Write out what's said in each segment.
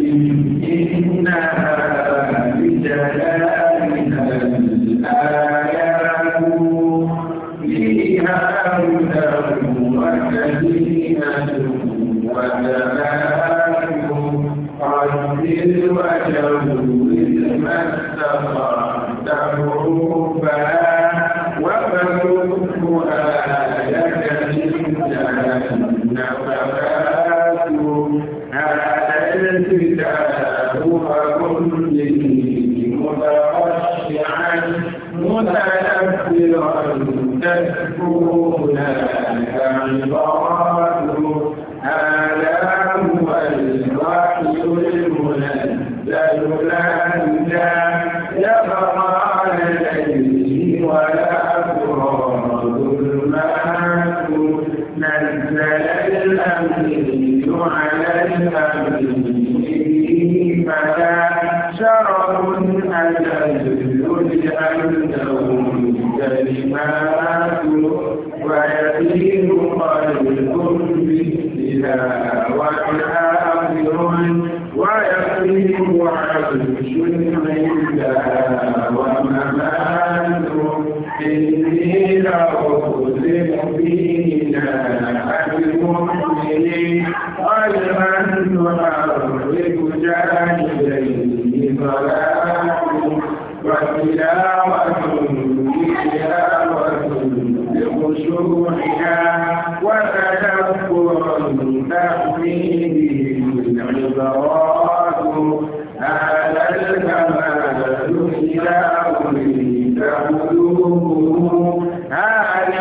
إنا بجلالنا الآيات فيها على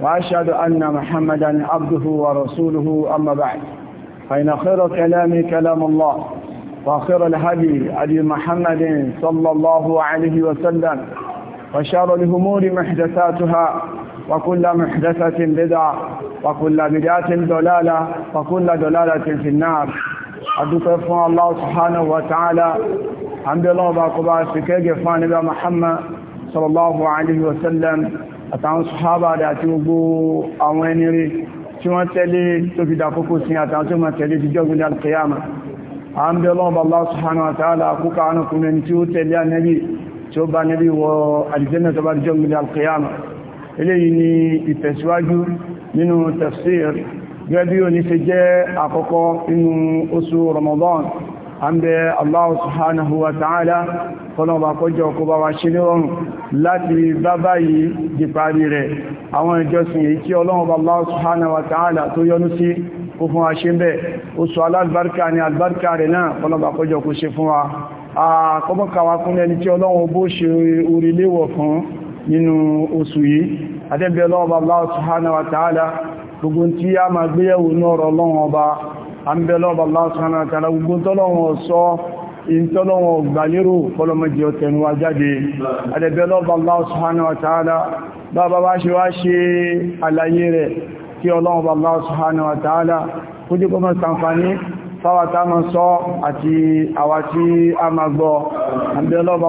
وأشهد أن محمدا عبده ورسوله أما بعد فإن خير الكلام كلام الله وخير الهدي هدي محمد صلى الله عليه وسلم وشار الهمور محدثاتها وكل محدثة بدعة وكل بدعة دلالة وكل دلالة في النار أدوك الله سبحانه وتعالى عند الله باقبال فكيف فان محمد صلى الله عليه وسلم àtàwọn sọ́hábà rẹ̀ àti gbogbo àwọn ẹni rí tí wọ́n tẹ́lé tó fi dàkókò sí àtàwọn tó máa tẹ́lé jíjọ́ gbogbo alkiyama a ń bẹ́ lọ́wọ́ Allah subhanahu wa ta'ala kúkà ánàkùnrin tí ó tẹ́lé ànẹ́bí àmbẹ̀ Allah subhanahu wa ta'ala kọlọ̀bà kọjọ kó bá wa ṣe ní ọrùn láti bá báyìí di parí rẹ̀ àwọn ìjọsìn èyí tí ọlọ́ọ̀bà Allah subhanahu wa ta'ala tó yọ́nú sí kó fún wa ṣe ń bẹ̀ oṣù alábárkà ni albárkà rẹ̀ náà kọlọ̀bà kọjọ kó àmbẹ̀lọ́bà lásán àtàrà gbogbo tọ́lọ́wọ̀n sọ ìntọ́lọ́wọ̀n gbàlérò fọ́lọ́mọ́jì ọ̀tẹ̀nuwa jáde àdẹ̀bẹ̀lọ́bà lásán àtàrà bàbá bá ṣe wá ṣe àlàyé rẹ̀ kí ọlọ́wọ̀bà lásán fáwàtá mọ́ sọ àti àwàtí a máa gbọ́ àbẹ̀lọ́bà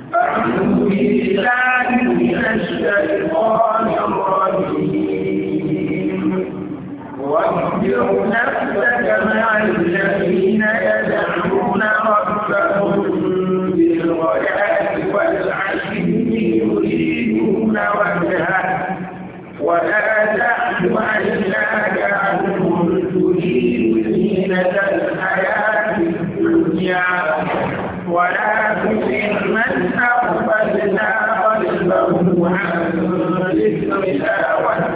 أعوذ بالله من الشيطان الرجيم واصبر نفسك مع الذين يدعون ربهم بالغداة والعشي يريدون وجهه ولا تعد عيناك عنهم تريد زينة الحياة الدنيا محمد إلا واتبعنا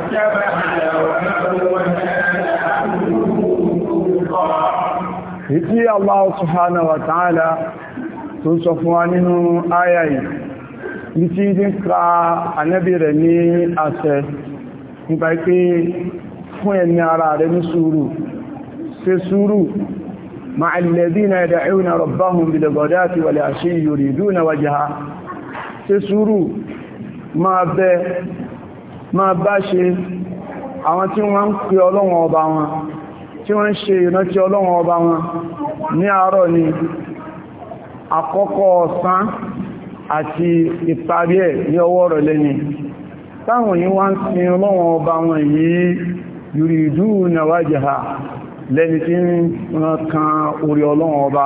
Ìtí Allah Subhanahu wa ta'ala tó sọ fún wa nínú ayá yìí, ní tí ń ká ànábì rẹ̀ ní àṣẹ, nípa pé fún ẹni ara rẹ̀ ní sùúrù, ṣe sùúrù مع الذين يدعون ربهم بالغداة والعشي يريدون وجهه تسروا máa bẹ máa bá ṣe àwọn tí wọ́n ń pè ọlọ́wọ̀n ọba wọn tí wọ́n ń ṣe ìrántí ọlọ́wọ̀n ọba wọn ní àárọ̀ ni àkọ́kọ́ ọ̀sán àti ìparí ẹ̀ ní ọwọ́ rẹ̀ lẹ́ni táwọn yìí wọ́n sin ọlọ́wọ̀n ọba wọn yìí yuriduna wajha lẹ́ni tí ń kan orí ọlọ́wọ̀n ọba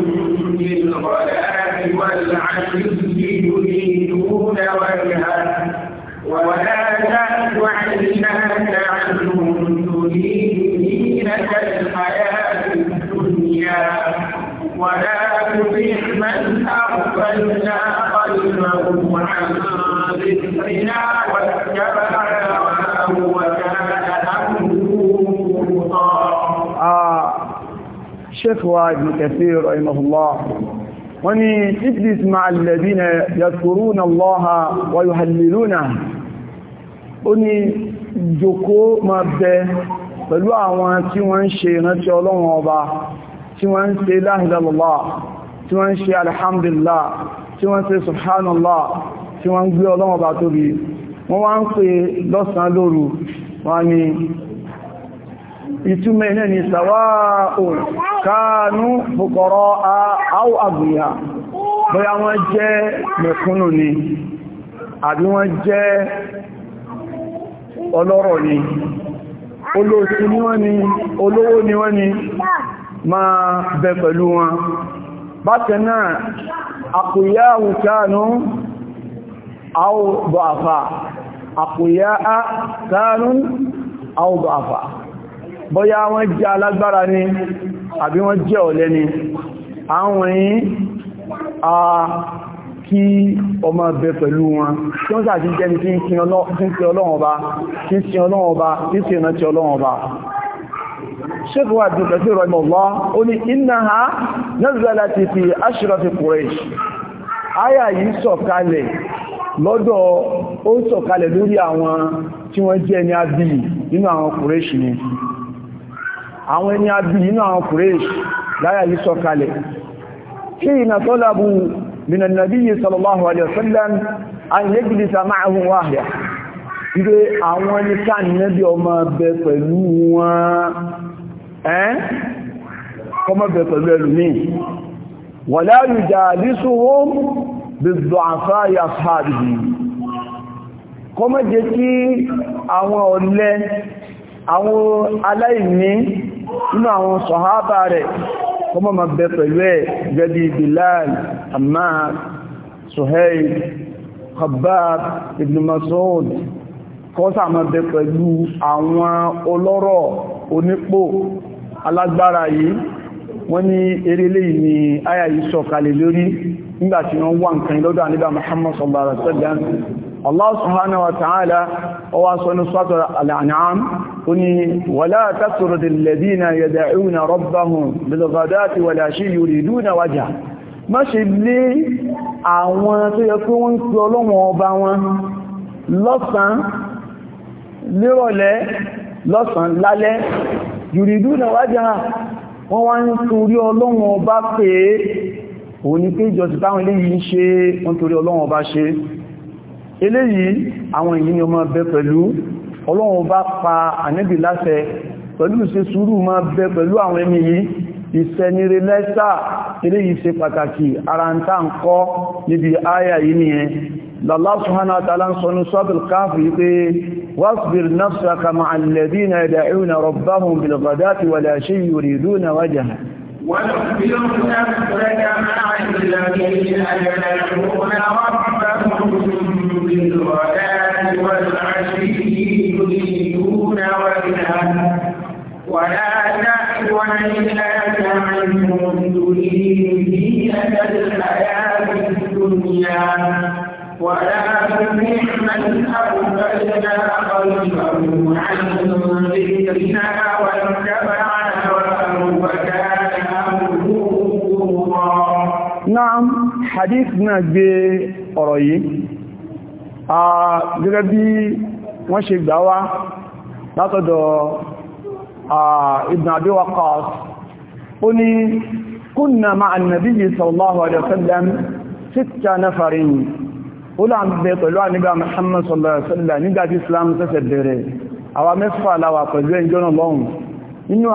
الضلال والعجز يريدون وجهه ولا تعد عيناك عنهم تريد زينة الحياة الدنيا ولا تطع من أغفلنا قلبه عن ذكرنا واتبع هواه وكان أمره آه، شيخ وائل بن كثير رحمه الله wọ́n ni iblis ma'al ladina yadhkuruna Allaha wa yuhallilunahu ó ní jòkó ma bẹ pẹ̀lú àwọn tí wọ́n ń ṣe ìrántí ọlọ́run ọba tí wọ́n ń ṣe la ilaha illallah tí wọ́n ń ṣe alhamdulillah tí wọ́n ń ṣe subhanallah tí wọ́n ń gbé ọlọ́run ọba tóbi wọ́n wá ń pè lọ́sàn lóru wọ́n ni ìtumẹ̀ náà ni sàwáàun káánú fòkọ̀rọ̀ àwọ̀ àgbìyà bóyá wọ́n jẹ́ mẹ̀kúnnù ni àbí wọ́n jẹ́ ọlọ́rọ̀ ni olóòsí ni wọ́n ni olówó ni wọ́n ni máa bẹ pẹ̀lú wọn bákan náà àkùyá àwùkánú àwọ̀ bọ̀ àfà àkùyá á àwọ̀ bọ̀ àfà bóyá wọ́n jẹ́ alágbára ni àbí wọ́n jẹ́ ọ̀lẹ ni àwọn yìí a kí ọmọ bẹ pẹ̀lú wọn tí wọ́n sàti jẹ́ ní kí ń ha nẹ́zẹ̀lá ti fi aṣírọ̀fì Quraysh ayà yìí sọ̀kalẹ̀ lọ́dọ̀ ó sọ̀kalẹ̀ lórí àwọn tí wọ́n jẹ́ ní abì nínú àwọn Quraysh ni àwọn ẹni abì nínú àwọn Quraysh láyà yìí sọ kalẹ̀ kí ìnà tó lábú min an-nabiyyi sallallahu alaihi wasallam an yajlisa ma'ahum wahda ìgbé àwọn ẹni káàkiri ọmọ bẹ pẹ̀lú wọn ẹ́n kọmọ bẹ pẹ̀lú ẹlùmí wala yujalisuhum bizdu'afa ashabihi àwọn aláìní nínú àwọn sọ̀hábà rẹ̀ kọmọ ma bẹ pẹ̀lú ẹ̀ gẹ́bí Bilal Ammar Suhail Khabbab Ibn Mas'ud kọ́sà ma bẹ pẹ̀lú àwọn ọlọ́rọ̀ onípò alágbára yìí wọ́n ní erélé ìní àyà yìí sọ̀kalẹ̀ lórí nígbàtí wọ́n wà nǹkan lọ́dọ̀ àníbà Muhammad sallallahu alaihi wasallam Allah subhanahu wa ta'ala ó wá sọ ní al-An'am قني ولا تطرد الذين يدعون ربهم بالغداة والعشي يريدون وجهه má ṣe lé àwọn tó yẹ kí wọ́n ń pe Ọlọ́run ọba wọn lọ́sàn lérọ̀lẹ́ lọ́sàn lálẹ́ yùrìdú na wájá wọ́n wá ń torí Ọlọ́run ọlọ́run bá pa ànẹ́bì láṣẹ pẹ̀lú ṣe sùúrù máa bẹ pẹ̀lú àwọn ẹni yìí ìṣẹ́nire lẹ́sà eré yìí ṣe pàtàkì ara ń tà ń kọ́ níbi ayà yìí nìyẹn Allah subhanahu wa ta'ala ń sọ ní suratul Kahf yìí ولا تعدون إلا تعملون تريد زينة الحياة الدنيا ولا تطع من أرسلنا خلفه عن ذكرنا واتبع هواه وكان Naam, hadith náà gbé ọ̀rọ̀ yìí. Gẹ́gẹ́ bí wọ́n ṣe gbà wá látọ̀dọ̀ ibn Abi Waqqas ó ní kúnnà ma'a an-nabiyyi sallallahu alaihi wasallam sitta nafarin ó là ń bẹ pẹ̀lú àníbà Muhammad sallallahu alaihi wasallam nígbà tí Islam ṣẹ̀ṣẹ̀ bẹ̀rẹ̀ àwa mẹ́fà láwà pẹ̀lú ẹjọ́ náà lọ́hùn nínú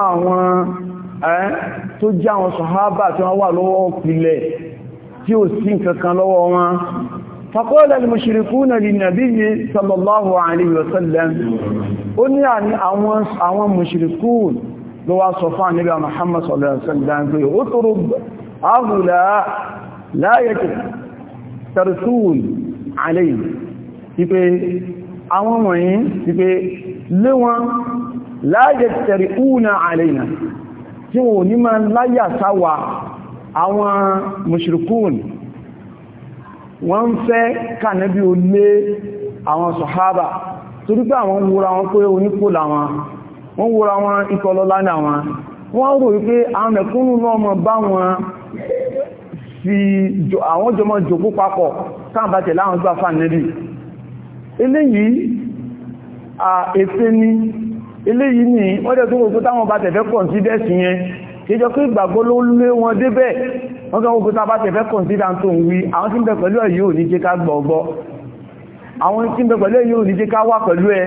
فقال المشركون للنبي صلى الله عليه وسلم قل يعني أوان مشركون لو صفان نبي محمد صلى الله عليه وسلم اطرد أغلى لا يترسول عليه ipe àwọn wọ̀nyí ipe lé wọn láyẹ̀ tẹ̀rì únà àlèyà tí wọ́n ní máa láyà sáwà àwọn mùsùlùkúùnì wọ́n ń fẹ́ kànẹ́bí ó lé àwọn sọ̀hábà torí pé àwọn wúra wọn pé onípò làwọn wọ́n wúra wọn ikọlọ́lá ní àwọn wọ́n rò wípé àwọn mẹ̀kúnnù náà mọ̀ bá wọn fi àwọn jọmọ jòkó papọ̀ káàbàtẹ̀ láwọn tó àfà nẹ́bí eléyìí à ètè ní eléyìí ní wọ́n jẹ́ tó rò tó táwọn bá wọ́n kẹ́ ogun tàbá tẹ̀fẹ́ kọ̀nsídà tó ń wí àwọn tí ń bẹ pẹ̀lú ẹ̀ yóò ní jẹ́ ká gbọ̀ọ̀gbọ́ àwọn tí ń bẹ pẹ̀lú ẹ̀ yóò ní jẹ́ ká wà pẹ̀lú ẹ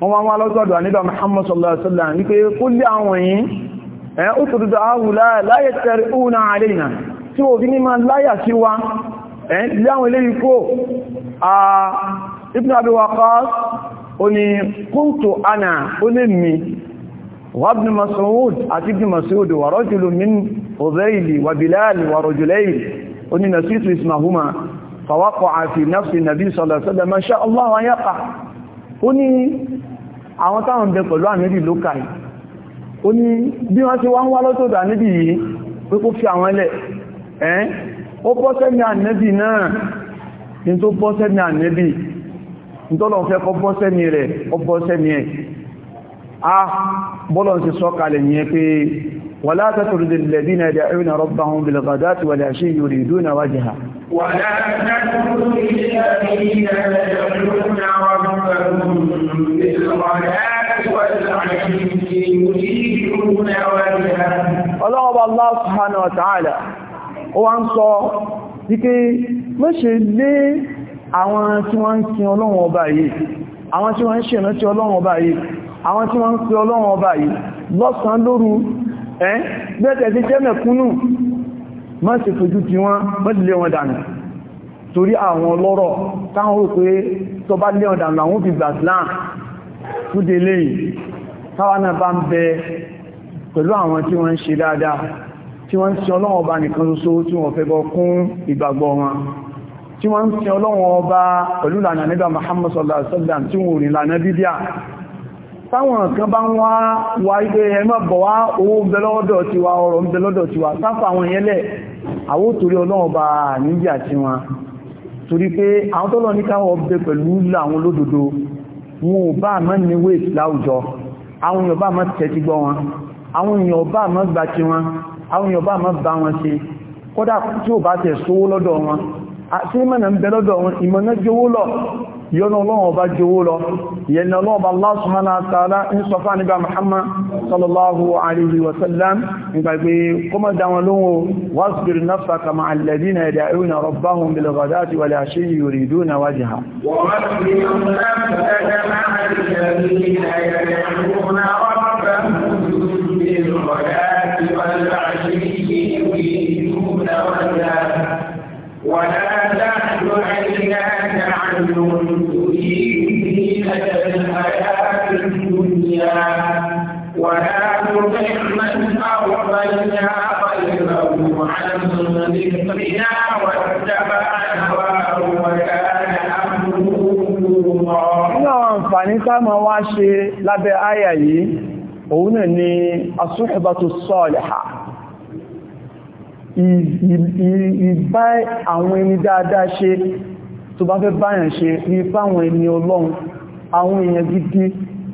wọ́n wá wá lọ́sọ̀dọ̀ Muhammad sallallahu alaihi wasallam ní pé kó lé àwọn yìí ẹ̀ ó tòrò dọ̀ áhù láyẹ̀ tẹ̀rẹ̀ òun àrẹ́yìnà tí ó fi ní máa Ibn Abi Waqqas ó ní ana ó وابن مسعود ابن مسعود ورجل من أذيل وبلال ورجلين أني نسيت اسمهما فوقع في نفس النبي صلى الله عليه وسلم ما شاء الله أن يقع أني àwọn táwọn bẹ pẹ̀lú àníbì ló kàí ó ní bí wọ́n ti wá ń wá lọ́tọ̀dọ̀ àníbì yìí pé kó fi àwọn ẹlẹ̀ ẹ́n ó bọ́ sẹ́mi àníbì náà ní tó bọ́ sẹ́mi àníbì ní tọ́lọ̀ fẹ́ kọ́ bọ́ sẹ́mi rẹ̀ ọ bọ́ sẹ́mi ẹ̀ Ah, bọ́lọ̀n ti sọ́kalẹ̀ yẹn pé wàlá tàtàrùdì lẹ́dínà da ẹ̀rìnà rọ́bàhún bilgadati wà láṣí yìí dúnà wájìhá wàlá tàtàrùdì lẹ́dínà da ẹ̀rìnà rọ́bàhún bilgadati wà láṣí yìí dúnà wájìhá ọlọ́wọ́ Allah wá ń sọ wípé mọ́ṣe lé àwọn tí wọ́n ń sin ọlọ́run ọba yìí àwọn tí wọ́n ń ṣe ìrántí ọlọ́run ọba yìí àwọn tí wọ́n ń pe ọlọ́run ọba yìí lọ́sàn lóru ẹ́ bẹ́ẹ̀tẹ̀ sí jẹ́ mẹ̀kúnnù má ṣe fojú tí wọ́n mọ́lẹ̀ wọn dànù torí àwọn ọlọ́rọ̀ táwọn rò pé tó bá lé wọn dànù àwọn fi gbà Islam fúdé lẹ́yìn táwọn náà bá ń bẹ pẹ̀lú àwọn tí wọ́n ń ṣe dáadáa tí wọ́n ń sin ọlọ́run ọba nìkan ṣoṣo tí wọ́n fẹ́ bọ́ kún ìgbàgbọ́ wọn tí wọ́n ń sin ọlọ́run ọba pẹ̀lú lànà nígbà Muhammad sallallahu alaihi wasallam tí wọ́n ò rìn lànà bídíà táwọn kan bá ń wá wà ilé ẹmọ́ bọ̀ wá owó ń bẹ lọ́dọ̀ ti wa ọrọ̀ ń bẹ lọ́dọ̀ ti wa sáfà àwọn ìyẹ́lẹ̀ àwó torí ọlọ́run bá níjà tí wọn torí pé àwọn tọ́lọ̀ ní káwọ́ bẹ pẹ̀lú láwọn lódodo wọn ò bá mọ́ ní wéètì láwùjọ àti ìmọ̀nà ń bẹ lọ́dọ̀ wọn ìmọ̀nà jówó lọ yọ́nà ọlọ́run ọba jówó lọ yẹ̀nà ọlọ́run ọba Allah subhanahu wa ta'ala ń sọ fún àníbà Muhammad sallallahu alaihi wa sallam nígbà pé kó mọ́ dáwọn lóhun wasbir nafsaka ma'a alladhina yad'una rabbahum bil ghadati wal 'ashiyyi yuriduna wajha ولا فيها ولا تطع من أغفلنا قلبه عن ذكرنا واتبع هواه وكان أمره àǹfààní tá máa wá ṣe lábẹ́ àyà yìí òun náà ni asúhìbàtò sọ́ọ̀lẹ̀hà ìbá àwọn ẹni dáadáa ṣe tó bá fẹ́ báyàn ṣe ní fáwọn ẹni ọlọ́run àwọn èèyàn gidi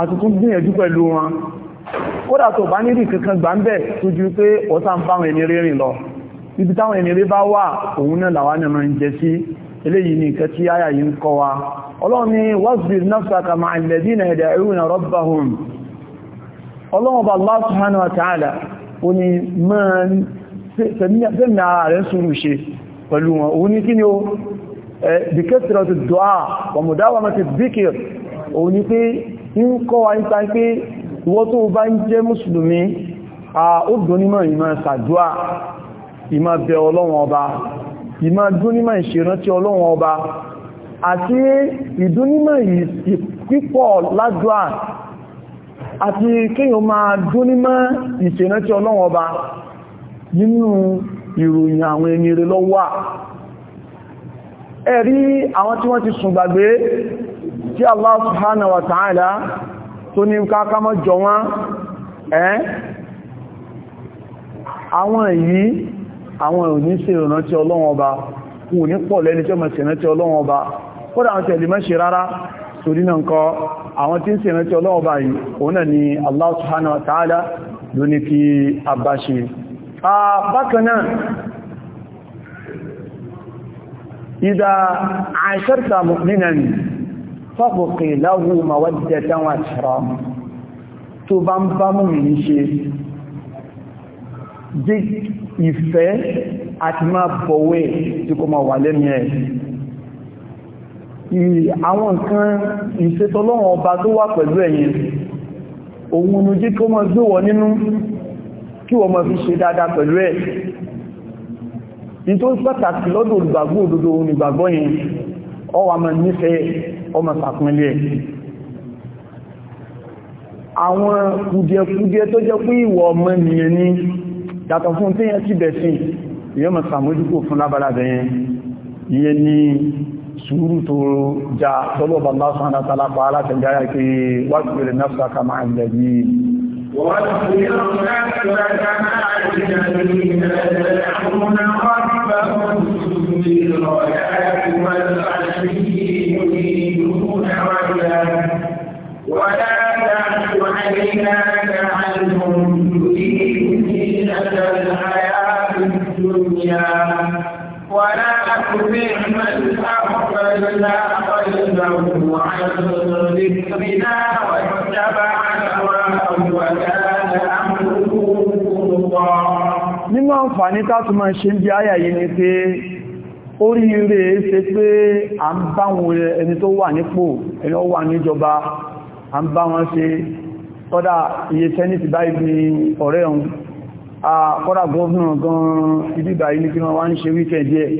àtútún gbìyànjú pẹ̀lú wọn kódà tó bá nílì kankan gbà ń bẹ̀ tó ju pé ọ̀sá ń báwọn ẹni rí rìn lọ ibi táwọn ẹni bá wà òun náà làwọn ẹni ń jẹ sí eléyìí ní nǹkan tí àyà yìí ń kọ́ wa ọlọ́run ni wasbir nafsaka ma'a alladhina yad'una rabbahum ọlọ́run bá Allah subhanahu wa ta'ala ó ní máa fẹ́mì ara rẹ̀ sùúrù ṣe pẹ̀lú wọn òun ní kí ni ó bìkẹ́sìrọ̀ ti dùá wàmùdáwàmà ti bíkẹ̀ òun pé ń kọ́ wa nípa pé ìwọ tó bá ń jẹ́ mùsùlùmí ó dùn nímọ̀ ìmọ̀ ṣàdúà ìmọ̀ bẹ ọlọ́wọ̀n ọba ìmọ̀ dún nímọ̀ ìṣèrántí ọlọ́wọ̀n ọba àti ìdún nímọ̀ ìpípọ̀ ládùà àti kíyàn máa dún nímọ̀ ìṣèrántí ọlọ́wọ̀n ọba tí Allah subhanahu wa ta'ala tó ní kákámọ́ jọ wọ́n ẹ́ àwọn èyí àwọn òní sí ìrántí ọlọ́wọ́n ọba kò ní pọ̀ lẹ́ni tí ó mọ̀ sí ìrántí ọlọ́wọ́n ọba kódà àwọn tẹ̀lé mẹ́ṣe rárá torí náà kọ́ àwọn tí ń sí ìrántí ọlọ́wọ́n ọba yìí òun náà ni Allah subhanahu wa ta'ala ló ní kí a bá ṣe bákanáà ìdá àṣẹ́ta mọ̀nínà ni fọ́pùpì láwọ́ mọ̀wọ́dẹ̀ táwọn àṣírọ́ tó bá ń bá mú mi ṣe jí ìfẹ́ àti máa bọ̀wé tí kò mọ̀ wà lẹ́mí ẹ̀ àwọn nǹkan ìṣẹ́tọ́lọ́wọ́ ọba tó wà pẹ̀lú ẹ̀yìn òun ni jí kó mọ̀ gbówọ nínú kí wọ́n mọ̀ fi ṣe dáadáa pẹ̀lú ẹ̀ nítorí pàtàkì lọ́dọ̀ olùgbàgbọ́ òdodo olùgbàgbọ́ yẹn ọwà mọ̀ nífẹ̀ẹ́ ọmọ sàpínlẹ̀ àwọn kùdìẹ̀kùdìẹ̀ tó jẹ́ pé ìwọ̀ ọmọ ènìyàn ni yàtọ̀ fún tí yẹn ti bẹ̀sí ìyẹ́ mọ̀ sàmójúkò fún lábàlábẹ̀ yẹn ìyẹ́ ni sùúrù tó já tọ́lọ̀bà lásán àtàlápá alátẹ̀jáyà pé wájúwẹ̀rẹ̀ náfsà kama àìlẹ̀bí wọ́n ولا تعد عيناك عنهم تريد زينة الحياة الدنيا ولا تطع من أغفلنا قلبه عن ذكرنا واتبع هواه وكان أمره فرطا nínú àǹfààní tátùmọ̀ ṣe ń bí àyà yìí ni pé oríire ṣe pé à ń báwọn ẹni tó wà nípò ẹni ó wà níjọba a ń bá wọn ṣe kọ́dá iye sẹ́nìtì báyìí ní ọ̀rẹ́ ọ̀hún kọ́dá gọ́ọ̀nà gan ibíbà yìí ní kí wọ́n wá ń ṣe wíkẹ̀dì ẹ̀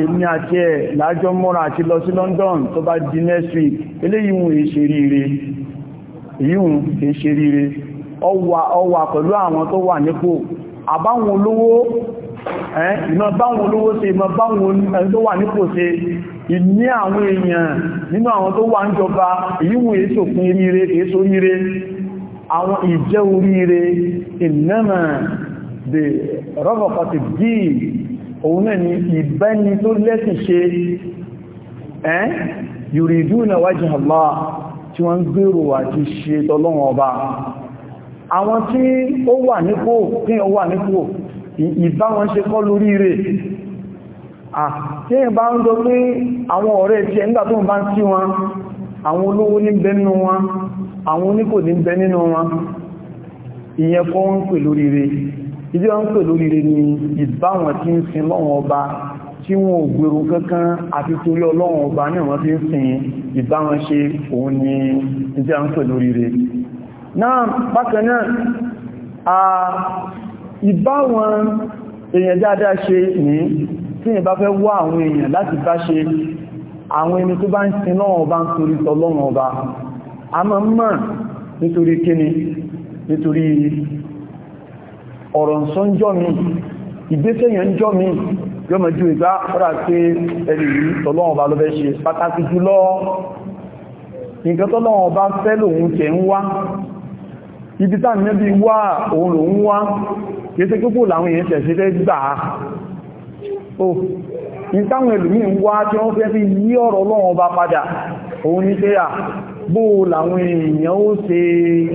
èmi àti ẹ̀ lájọ́ mọ́ra àti lọ sí London tó bá di next week eléyìnwò èṣe ríire ọwà pẹ̀lú ìmọ̀ báwọn olówó ṣe ìmọ̀ báwọn ẹni tó wà nípò ṣe ìní àwọn èèyàn nínú àwọn tó wà ń jọba ìyíwò èsòfin ríire èso ríire àwọn ìjẹ́ oríire ìnáàmà the rọ́bọ̀kọ̀tì dì òun náà ni ìbẹ́ni tó lẹ́sìn ṣe ẹ́ yuriduna wajha Allah tí wọ́n gbèrò àti ṣe tọ́lọ́wọ́ ọba àwọn tí ó wà nípò tí ó wà nípò ìbá wọn ṣe kọ́ lórí rẹ̀ àtíyàn bá ń sọ pé àwọn ọ̀rẹ́ ti ẹ̀ńgbà tó ń bá ń sí wọn àwọn olówó ní bẹ nínú wọn àwọn oníkò ní bẹ nínú wọn ìyẹn kọ́ ń pè lórí rẹ̀ ìdí wọn ń pè lórí rẹ̀ ni ìbá wọn ti ń sin lọ́wọ́n ọba tí wọn ò gbèrò kankan àti torí ọlọ́wọ́n ọba náà wọ́n ti ń sin ìbá wọn ṣe òun ni ìdí wọn ń pè lórí rẹ̀ náà bákan náà ìbáwọn èèyàn dáadáa ṣe ní tí èèyàn bá fẹ́ wá àwọn èèyàn láti bá ṣe àwọn ẹni tó bá ń sin lọ́wọ́ ọba ń torí tọ́lọ́wọ́ ọba a mọ́ mọ́ nítorí kíni nítorí ọ̀rọ̀ ǹsọ́ ń jọ́ mi ìgbésẹ̀yàn ń jọ́ mi yọ́mọ̀ ju ìgbá ọ́rà pé ẹni kéèsì púpù làwọn èèyàn tẹ̀sí fẹ́ gbà á o ní táwọn ẹlòmí ń wá tí wọ́n fẹ́ fi yí ọ̀rọ̀ Ọlọ́run ọba padà òun ní pé à bó làwọn èèyàn ó ṣe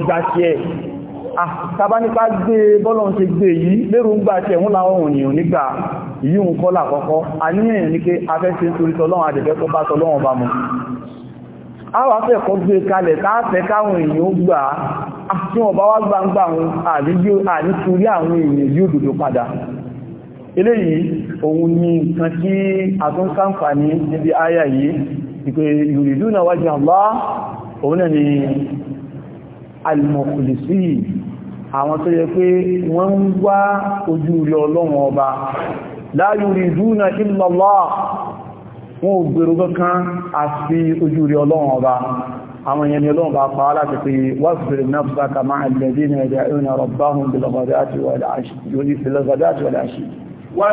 gbàṣẹ ẹ̀ àtàbá nípa gbé bọ́lọ̀ ṣe gbé yìí lérò ń gbàṣẹ òun làwọn òyìnbó àwọn afẹ́kọ́ gbé kalẹ̀ káàfẹ́ káwọn èèyàn gbà ah, tí wọ́n bá wá gbangba àwọn àníkúrí àwọn èèyàn yóò dòdó padà eléyìí òun ni nǹkan tí a tún káǹfàní níbi ayà yìí ìpé ìrìdú na wájú àmbá òun náà ni alìmọ̀kùlìsí àwọn tó yẹ pé wọ́n ń wá ojú rí ọlọ́run wọn ò gbèrò kankan fi ojú rí ọlọ́run ọba àwọn yẹni ọlọ́run bá pa aláti pé wọ́pẹ̀rẹ̀ náà sáka máa ilẹ̀ lẹ́dí ní ẹ̀dẹ̀ ìrìn àrọ̀báhùn bí lọ́gbàdá àti lọ́gbàdá àti wà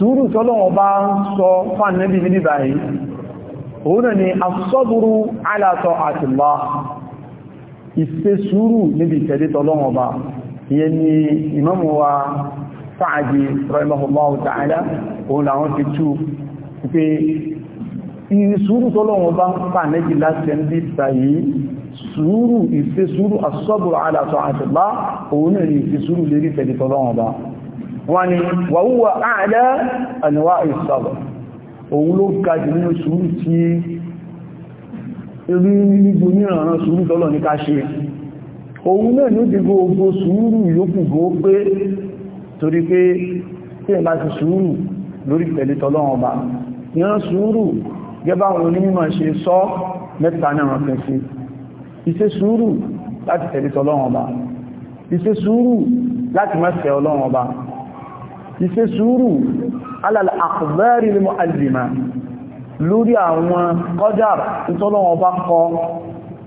sùúrù tọ́lọ́wọ́ bá ń sọ fún nẹ́bí níbi báyìí òun náà ni asọ́bùrú alátọ́ àtìlá ìṣe sùúrù níbi ìtẹ̀lé tọ́lọ́wọ́ bá ìyẹn ni ìmámù wa Sa'di rahimahullahu ta'ala òun làwọn fi tú pé ìrìn sùúrù tọ́lọ́wọ́ bá ń fà nẹ́bí láti ẹni báyìí sùúrù ìṣe sùúrù asọ́bùrú wọ́n ni wàhúwà àádá àníwá ìsọ̀rọ̀ òun ló ga jù nínú sùúrù tí rí nígbò nírànràn sùúrù tọ́lọ̀ ní ká ṣe òun náà ní dìgbò ogbò sùúrù yóò gbò pé torí pé tí ẹ̀ bá ti sùúrù lórí pẹ̀lú tọ́lọ́wọ́n ọba láti mẹ́sẹ̀ ọlọ́wọ́n ọba ìṣe sùúrù alàlà àkùbẹ́rì ni mo àjìmá lórí àwọn kọjá ìtọ́lọ́wọ́ bá kọ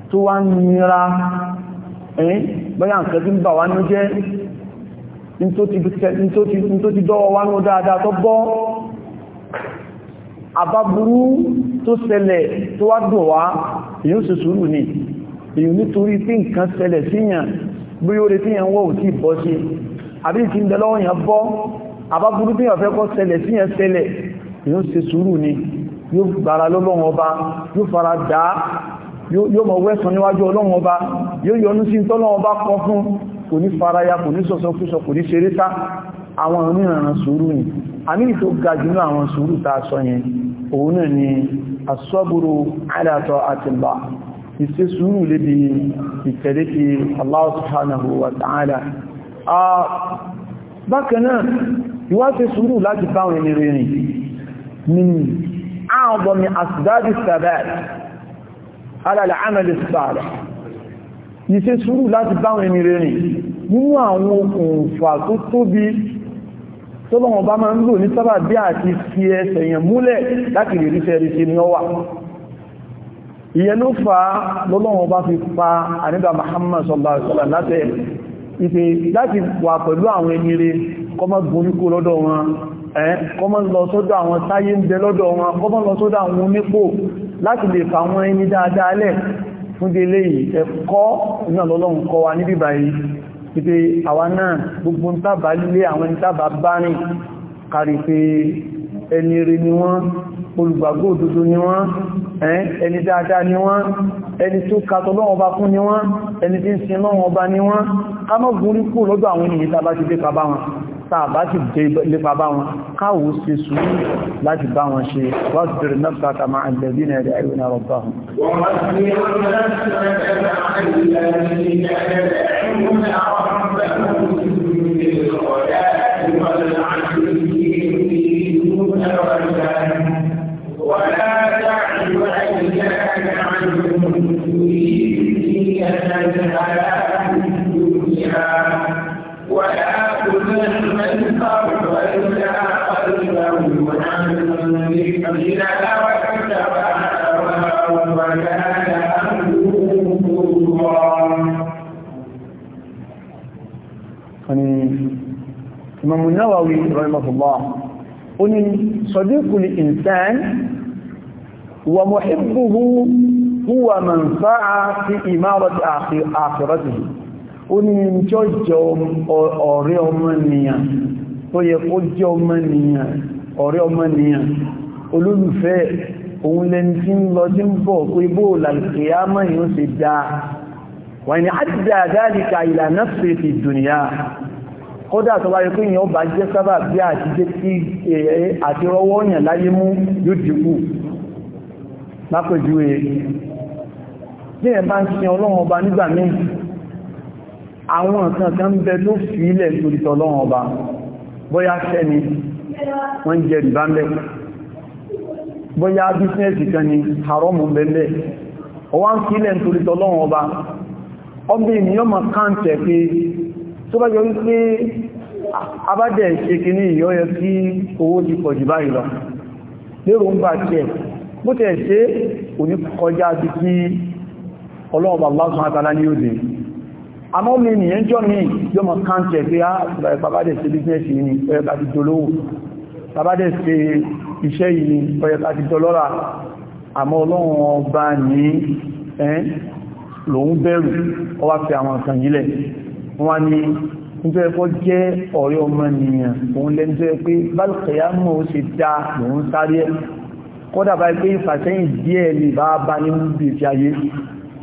tó wá ń nira ẹ̀yìn bọ́yá nǹkan tí ń bà wá ní jẹ́ ní tó ti dọ́wọ́ wá ní dáadáa tó bọ́ àbábúrú tó ṣẹlẹ̀ tó wá dùn wá èyí sì sùúrù ni èyí nítorí tí nǹkan ṣẹlẹ̀ síyàn bí ó retí yàn wọ́ ò tí bọ́ sí àbí ìtí ń bọ́ àbá burú tí yàn fẹ́ kọ́ ṣẹlẹ̀ sí yàn ṣẹlẹ̀ yóò ṣe sùúrù ni yóò gbára lọ́lọ́wọ́ ọba yóò fara dá yóò mọ̀ wẹ́sàn níwájú ọlọ́wọ́ ọba yóò yọnú sí tọ́lọ́wọ́ ọba kọ fún kò ní faraya kò ní sọ̀sọ̀kúsọ kò ní ṣeré sá àwọn onírànràn sùúrù ni àmì tó ga jùlọ àwọn sùúrù ta sọ yẹn òun náà ni asọ́bùrù àdàtọ̀ àtìlá ìṣe sùúrù lébi ìtẹ̀lé ti Allah subhanahu wa ta'ala ah, bákan náà ìwá ṣe sùúrù láti báwọn ẹni rẹ̀ rìn ní àwọn asìdájì sàbẹ̀ alàlẹ̀ àmàlẹ̀ sàbẹ̀ ìṣe sùúrù láti báwọn ẹni rẹ̀ rìn nínú àwọn okùnfà tó tóbi tọ́lọ́wọ́n bá máa ń lò ní sábà bí àti fi ẹsẹ̀ yẹn múlẹ̀ láti lè ríṣẹ́ láti ìpè láti wà pẹ̀lú àwọn ẹnire kọmọ gúnríkó lọ́dọ̀ wọn ẹ́ kọmọ lọ sọ́dọ̀ àwọn táyé ń bẹ lọ́dọ̀ wọn kọmọ lọ sọ́dọ̀ àwọn onípò láti lè fà wọn ẹni dáadáa lẹ̀ fún délé yìí ẹ̀kọ́ náà lọ́lọ́run kọ́ wa níbí báyìí ìpè àwa náà gbogbo ń tábà lé àwọn ẹni tábà bá rìn kárí pé ẹnire ni wọ́n olùgbàgbọ́ òdodo ni wọ́n ẹni dáadáa ni wọ́n ẹni tó kàtọ̀ lọ́wọ́ ọba fún ni wọ́n ẹni tí ń sin lọ́wọ́ ọba ni wọ́n ká mọ́ gúnrí kú lọ́dọ̀ àwọn ènìyàn tàbá ti dé pàbá wọn tàbá ti dé lépa bá wọn káwò ṣe sùúrù láti bá wọn ṣe wáṣù bèèrè náà sàkà máa Imam Nawawi rahimahullah ó ní sadiqul insan wa muhibbuhu huwa man sa'a fi imarati akhiratihi ó ní tí ó jẹ ọ̀rẹ́ ọmọnìyàn tó yẹ kó jẹ ọmọnìyàn ọ̀rẹ́ ọmọnìyàn olólùfẹ́ òun lẹni tí ń lọ tí ń bọ̀ pé bó làlùkìyà mọ́yìn ó ṣe dáa wà ní àdìdà dáàlìkà ìlànà fèsì dùnìyà kódà tó bá rí pé èèyàn bá jẹ́ sábà bí àti jẹ́ tí àti rọwọ́ yàn láyé mú yóò dìkù lápẹjúwe bí ẹ̀ ń sin ọlọ́run ọba nígbà míì àwọn nǹkan kan ń bẹ ló fi ilẹ̀ torí tọ́lọ́wọ́n ọba bóyá sẹ́ni wọ́n jẹ rìbá mẹ́ bóyá bísínẹ́sì kan ni haramu bẹ́ẹ̀ ọwá ń fi ilẹ̀ torí tọ́lọ́wọ́n ọba ọbẹ̀ ènìyàn ma káǹtẹ̀ pé tó bá yọ wípé abádẹ̀ ṣe kì ní ìyọ́yọ kí owó ti pọ̀ jù báyìí lọ lérò ń ọlọ́ọ̀bà lásán ní òdìí àmọ́ mi nìyẹn jọ mi yóò káńtì ẹ̀ pé á ah, bàbádẹ̀ ni ọ̀yẹ̀ bá ti dolówó bàbádẹ̀ ṣe iṣẹ́ yìí ni ọ̀yẹ̀ bá ti dolọ́ra àmọ́ ọlọ́run ọba ní ẹ́ lòun bẹ̀rù ó wá fi àwọn nǹkan yìí lẹ̀ wọ́n ní nítorí ẹ̀kọ́ jẹ́ ọ̀rẹ́ ọmọnìyàn òun lẹ́nu tó yẹ pé bálùkẹ̀yà mọ̀ ó ṣe dá lòun sáré kọ́dà báyìí pé ìfàsẹ́yìn díẹ̀ lè bá bá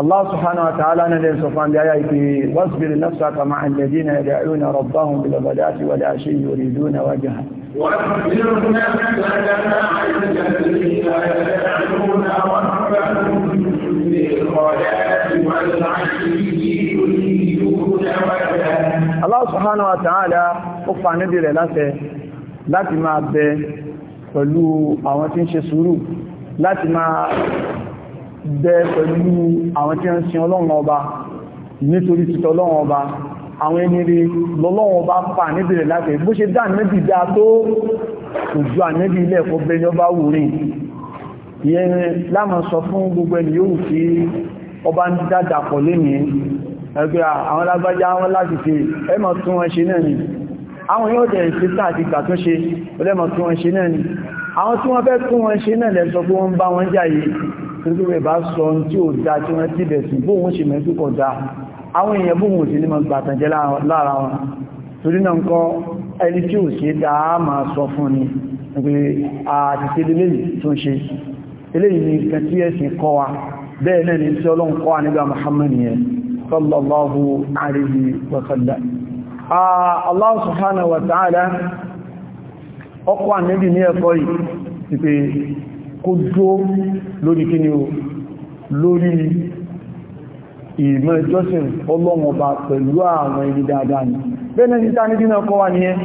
الله سبحانه وتعالى نبي سبحانه بآياته واصبر نفسك مع الذين يدعون ربهم بالغداة والعشي يريدون وجهه واصبر نفسك مع الذين يدعون ربهم بالغداة والعشي يريدون وجهه الله سبحانه وتعالى قف نبي لنفسه láti máa bẹ pẹ̀lú àwọn tí ń ṣe sùúrù láti máa bẹ pẹ̀lú àwọn tí ó ń sin ọlọ́run ọba nítorí títọ́ ọlọ́run ọba àwọn ẹni rí lọ́lọ́run ọba pa níbẹ̀rẹ̀ láti bó ṣe dá nẹ́bì dá tó òjú ànẹ́bì ilẹ̀ ẹ̀kọ́ bẹni ọba wùrin ìyẹn lámọ̀ sọ fún gbogbo ẹni yóò fi ọba ń dájà pọ̀ lénìí ẹgbẹ́ àwọn alágbájá wọn láti ṣe ẹmọ̀ tún wọn ṣe náà ni àwọn yóò dẹ̀ ṣe tàà ti gbà tó ṣe ọlẹ́mọ̀ tún wọn ṣe náà ni àwọn tí wọ́n fẹ́ tún wọn ṣe náà lẹ́sọ pé wọ́n bá wọn jà yìí torí rẹ̀ bá sọ tí ó dá tí wọ́n ti bẹ̀sùn bó wọ́n ṣe mẹ́sù kọ̀ dá àwọn èèyàn bó wọ́n sì ní ma gbàtànjẹ́ lára wọn torí náà kọ́ ẹni tí ó ṣe dá máa sọ fún ni pé àti eléyìí ṣe eléyìí ni nǹkan tí ọkọ̀ ànẹ́bì ní ẹ̀kọ́ yìí kó dúó lórí kí ni o lórí ìmọ̀ ìjọsìn ọlọ́run ọba pẹ̀lú àwọn ẹni dáadáa ni bẹ́ẹ̀ ní tàní dínà kọ́ wà nìyẹn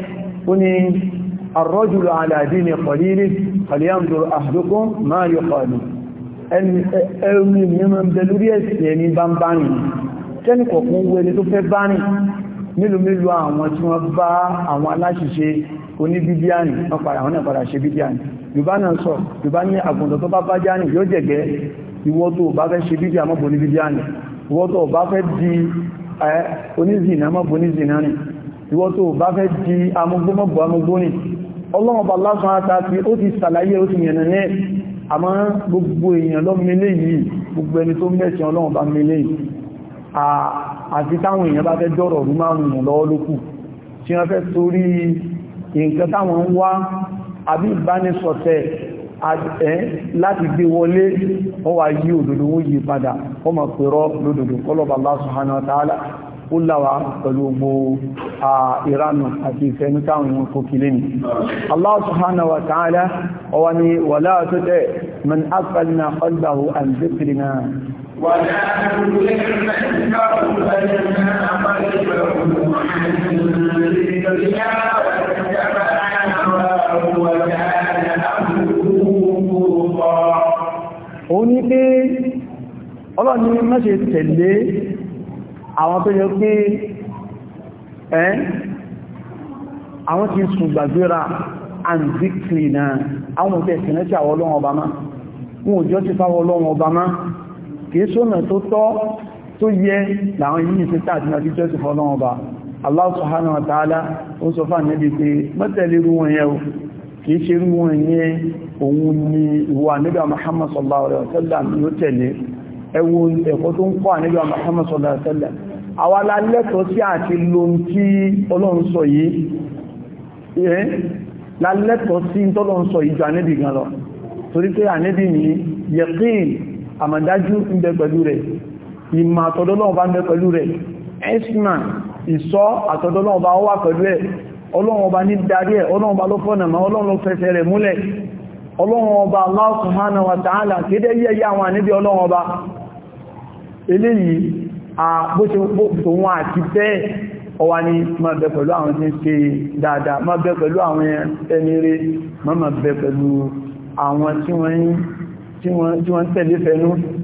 ó ní àrọ́jùlọ àdàdí ni kọ̀lílì kọ̀líyàmdòrò àdókún máa yọ kọ̀lù ẹni mímọ̀ bẹ lórí ẹ̀sìn ẹni bá ń bá rìn tẹ́nì kọ̀kún wọ ẹni tó yorùbá náà sọ yorùbá ní àgùntàn tó bá bá jáàní yóò jẹ̀gẹ́ ìwọ tó bá fẹ́ ṣe bídí àmọ́bò ní bídí àní ìwọ tó bá fẹ́ di onízìnà àmọ́bò onízìnà ní ìwọ tó bá fẹ́ di amúgbómọ́bò amúgbó ní ọlọ́run bá lásán ata ti ó ti sàlàyé ó ti yẹ̀nà ní àmọ́ gbogbo èèyàn lọ mẹ́lẹ̀ tó bá fẹ́ dọ́rọ̀ rú nǹkan táwọn ń wá àbí ìbánisọ̀tẹ̀ láti gbé wọlé wọ́n wá yí òdòdó wó yí padà wọ́n ma pèrọ lódòdó kọlọ̀bà Allah subhanahu wa ta'ala ó láwá pẹ̀lú ogbo ìránù àti ìfẹ́nú táwọn ìwọ̀n kò kìlé ní ni wala tuti man aghfalna qalbahu an dhikrina ولا تطع من أغفلنا قلبه عن pé ọlọ́ni mẹ́ṣe tẹ̀lé àwọn tó yẹ pé ẹ́ àwọn ti sùn gbàgbéra and victory náà àwọn òfẹ́ ìsìnlẹ̀ tí àwọn ọlọ́run ọba máa wọn ò jọ ti fáwọn ọlọ́run ọba máa kìí sọ́nà tó tọ́ tó yẹ láwọn yìí ti tààtì náà ti jọ ti fọ́ ọlọ́run ọba Allah subhanahu wa ta'ala ó sọ fà níbi pé mọ́tẹ̀lérú wọn yẹ́ kìí ṣe rú wọn yẹn òun ni ìwà nígbà Muhammad sallallahu alaihi wasallam ló tẹ̀lé ẹwọ ẹ̀kọ́ tó ń kọ́ nígbà Muhammad sallallahu alaihi wasallam àwa la lẹ́tọ̀ọ́ sí àti lóhun tí Ọlọ́run sọ yìí ẹ́ la lẹ́tọ̀ọ́ sí tọ́lọ́run sọ yìí jù ànẹ́bì gan lọ torí pé ànẹ́bì ọlọ́run ọba ní darí ẹ̀ ọlọ́run ọba ló fọ́nà máa ọlọ́run ló fẹsẹ̀ rẹ̀ múlẹ̀ ọlọ́run ọba Allah subhanahu wa ta'ala kéde yẹ́ yá wọn níbi ọlọ́run ọba eléyìí àbóṣe tòun àti bẹ́ẹ̀ ọwá ní máa bẹ pẹ̀lú àwọn tí ń ṣe dáadáa máa bẹ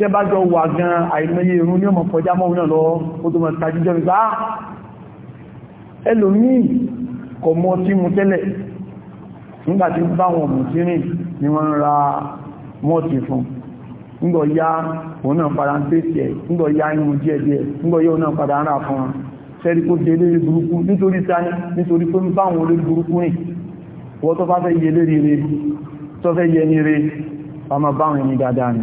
tí ẹ bá jọ wà gan àìmọye irun ní ọmọ kọjá mọ́ náà lọ ó tó mọ̀ tàjíjọ́ ìgbà ẹlòmíì kọ̀ mọ́ tí mú tẹ́lẹ̀ nígbàtí bá wọn mú sí rìn ni wọ́n ń ra mọ́ọ̀tì fún ńgbọ̀ ya òun náà padà ń pèsè ẹ̀ ya irun díẹ̀ díẹ̀ ńgbọ̀ ya òun náà padà ń rà fún wọn sẹ́rí kó dé lérí burúkú nítorí sáni nítorí pé ń bá wọn lórí burúkú rìn wọ́n tó bá fẹ́ yẹ lérí rẹ̀ tó fẹ́ yẹ ní rẹ̀ ọmọ báwọn ẹni dáadáa ni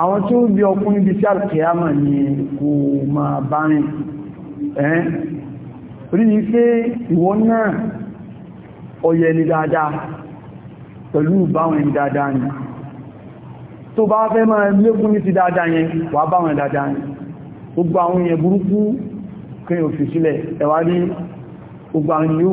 àwọn tí ó bí ọkùnrin bí sí alkiyama ni kò ma bá rìn ẹ́n rí ní pé ìwọ náà ọyẹ ni dáadáa pẹ̀lú báwọn ẹni dáadáa ni tó bá fẹ́ máa lékún ní ti dáadáa yẹn wà báwọn dáadáa ni gbogbo àwọn èèyàn burúkú kí o fi sílẹ̀ ẹwà rí gbogbo àwọn yóò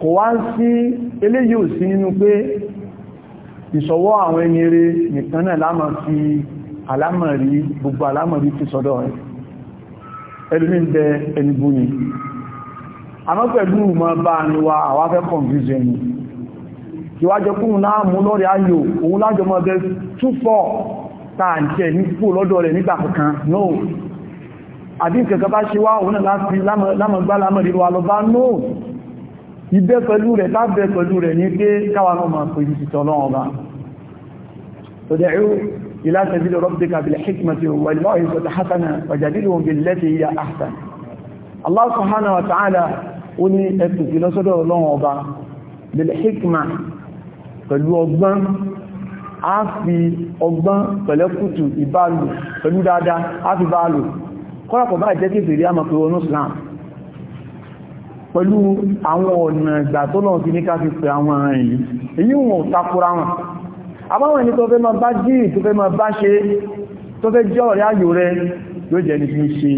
kò wá sí eléyìí ò sí nínú pé ìṣọwọ́ àwọn ẹni eré nìkan náà lámà fi alámọ̀rí gbogbo alámọ̀rí fi sọ́dọ̀ rẹ̀ ẹlùmí ń bẹ ẹnibú ni àmọ́ pẹ̀lú mọ́ bá ní wa àwá fẹ́ confusion ni kí no àbí kẹ̀kẹ́ bá ṣe wá òun náà láti lámọ̀gbá lámọ̀rí wa lọ bá ìbẹ́ pẹ̀lú rẹ̀ lábẹ́ pẹ̀lú rẹ̀ ní pé káwọn ọmọ pẹ̀lú ìtọ̀ lọ́wọ́ bá تدعو إلى سبيل ربك بالحكمة والموعظة الحسنة وجادلهم بالتي هي أحسن الله سبحانه وتعالى oni ẹ̀sùn tí lọ́sọ́dọ̀ ọlọ́run ọba bilhikma pẹ̀lú ọgbọ́n a fi ọgbọ́n pẹ̀lẹ́kùtù ìbálò pẹ̀lú dáadáa a fi bálò kọ́lọ̀pọ̀ bá jẹ́ kéfèrí pẹ̀lú àwọn ọ̀nà ìgbà tó lọ́n ti ní ká fi pẹ̀ àwọn èyí èyí wọn takura wọn àbáwọn ẹni tó fẹ́ máa bá jí tó fẹ́ máa bá ṣe tó fẹ́ jẹ́ ọ̀rẹ́ ayò rẹ yóò jẹ́ ní fi ṣe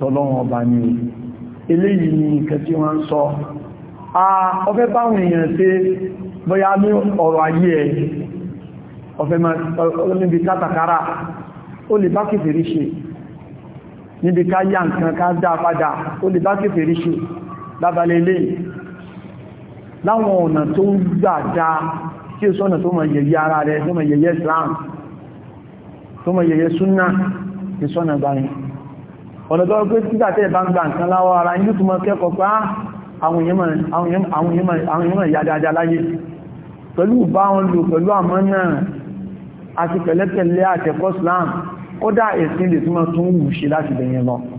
tọ́lọ́run ọba ni eléyìí ni nǹkan tí wọ́n ní níbi ká yá nǹkan ká dá padà ó lè bá kèfèrí ṣe lábalẹ̀ ilé láwọn ọ̀nà tó ń gbà dá tí ó sọ́nà tó mọ̀ yẹ̀yẹ́ ara rẹ̀ tó mọ̀ yẹ̀yẹ́ Islam tó mọ̀ yẹ̀yẹ́ súnnà ti sọ́nà gbáyìn ọ̀nà tó pé títàtẹ́ bá ń gbà nǹkan láwọ́ ara yìí tó mọ̀ kẹ́kọ̀ọ́ pé ah, àwọn èèyàn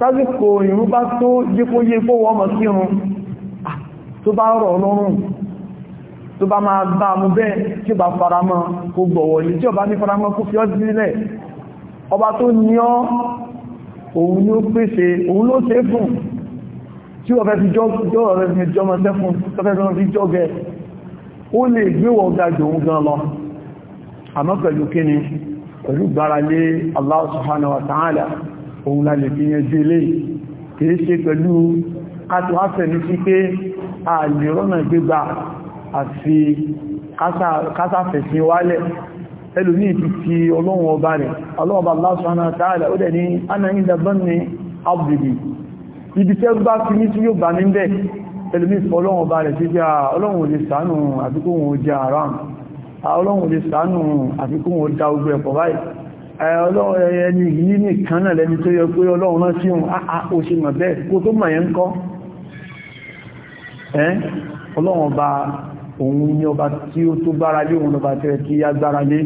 sásìkò ìrún bá tó yíkóyé fówó ọmọ kírun tó bá rọ̀ lọ́rùn tó bá máa bá mú bẹ́ẹ̀ tí ó bá faramọ́ kó gbọ̀wọ̀ ní tí ó bá ní faramọ́ kó fi ọ́ sílẹ̀ ọba tó ní ọ́ òun ló pèsè òun ló ṣe fún tí ó fẹ́ fi jọ́rọ̀ rẹ̀ òun la lè fi yẹn délé kìí ṣe pẹ̀lú àtúwáfẹ́ ní sí pé a lè rọ́nà gbégbà àti kásàfẹ́ sí wálẹ̀ ẹlùmí ti ti ọlọ́run ọba rẹ̀ ọlọ́run ọba Allah subhanahu wa ta'ala ó dẹ̀ ní anáyín daban ní abdìdì ibi tẹ́ bá fi ní tí yóò bá ní bẹ́ ẹlùmí ọlọ́run ọba rẹ̀ ti jẹ́ ah, ọlọ́run olè sàánù àfikún òun jẹ́ àrán ah, ọlọ́run olè sàánù àfikún òun dá ogun ẹ̀kọ̀ báyìí ọlọ́run ẹni yìí nìkan náà lẹni tó yẹ pé ọlọ́run rán sí òun àà ah, ó ah, ṣe mọ̀ bẹ́ẹ̀ kó tó mọ̀ yẹn kọ́ ẹ́ ọlọ́run ọba òun ní ọba tí ó tó gbára lé òun lọba tẹ́ kí á lé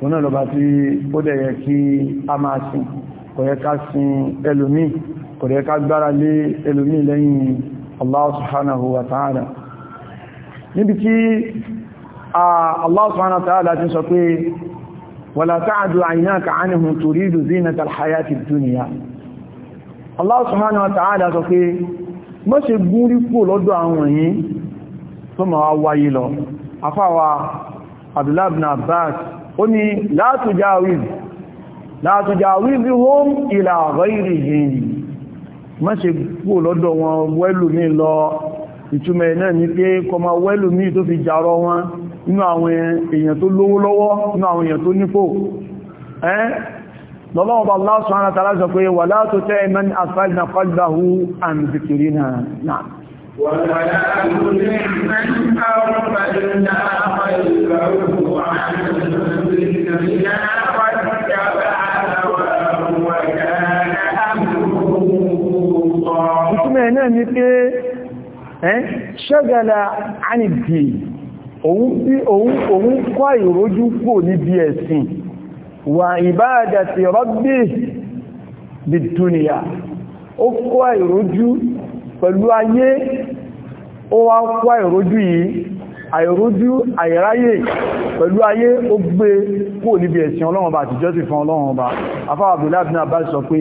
òun náà lọba tí ó dẹ̀ kí a máa sìn kò yẹ ká sìn ẹlòmíì kò yẹ ká gbára lé ẹlòmíì lẹ́yìn Allah subhanahu wa ta'ala níbi tí ah, Allah subhanahu wa ta'ala ti sọ pé wala ta'du aynaka anhum turidu zinata al-hayati ad-dunya Allah subhanahu wa ta'ala sọ pé mọ́ ṣe gúnrí kò lọ́dọ̀ àwọn yìí tó ma wá wáyé lọ afáwa Abdullah ibn Abbas ó ní la tujawiz la tujawizhum ila ghayrihim mọ́ ṣe kò lọ́dọ̀ wọn wẹ́lù ní lọ ìtumẹ̀ náà ní pé kọmọ wẹ́lù ní tó fi jarọ wọn inú àwọn èèyàn tó lówó lọ́wọ́ inú àwọn èèyàn tó nípò ẹ́n lọ́lọ́wọ́ Allah subhanahu wa ta'ala sọ pé wala tuti'i man asfalna qalbahu an dhikrina náà وَلَا تُطِعْ مَنْ أَغْفَلْنَا قَلْبَهُ عَنْ ذِكْرِنَا وَاتَّبَعَ هَوَاهُ وَكَانَ أَمْرُهُ náà òun bí òun òun kọ́ ìrójú kò níbi ẹ̀sìn wà ìbáadàtì rọ́bí bìtúnìyà ó kọ́ ìrójú pẹ̀lú ayé ó wá kọ́ ìrójú yìí àìrójú àìráyè pẹ̀lú ayé ó gbé kò níbi ẹ̀sìn ọlọ́run bá àti jọ́sìn fún ọlọ́run bá afáwà abdullahi bin abbas sọ pé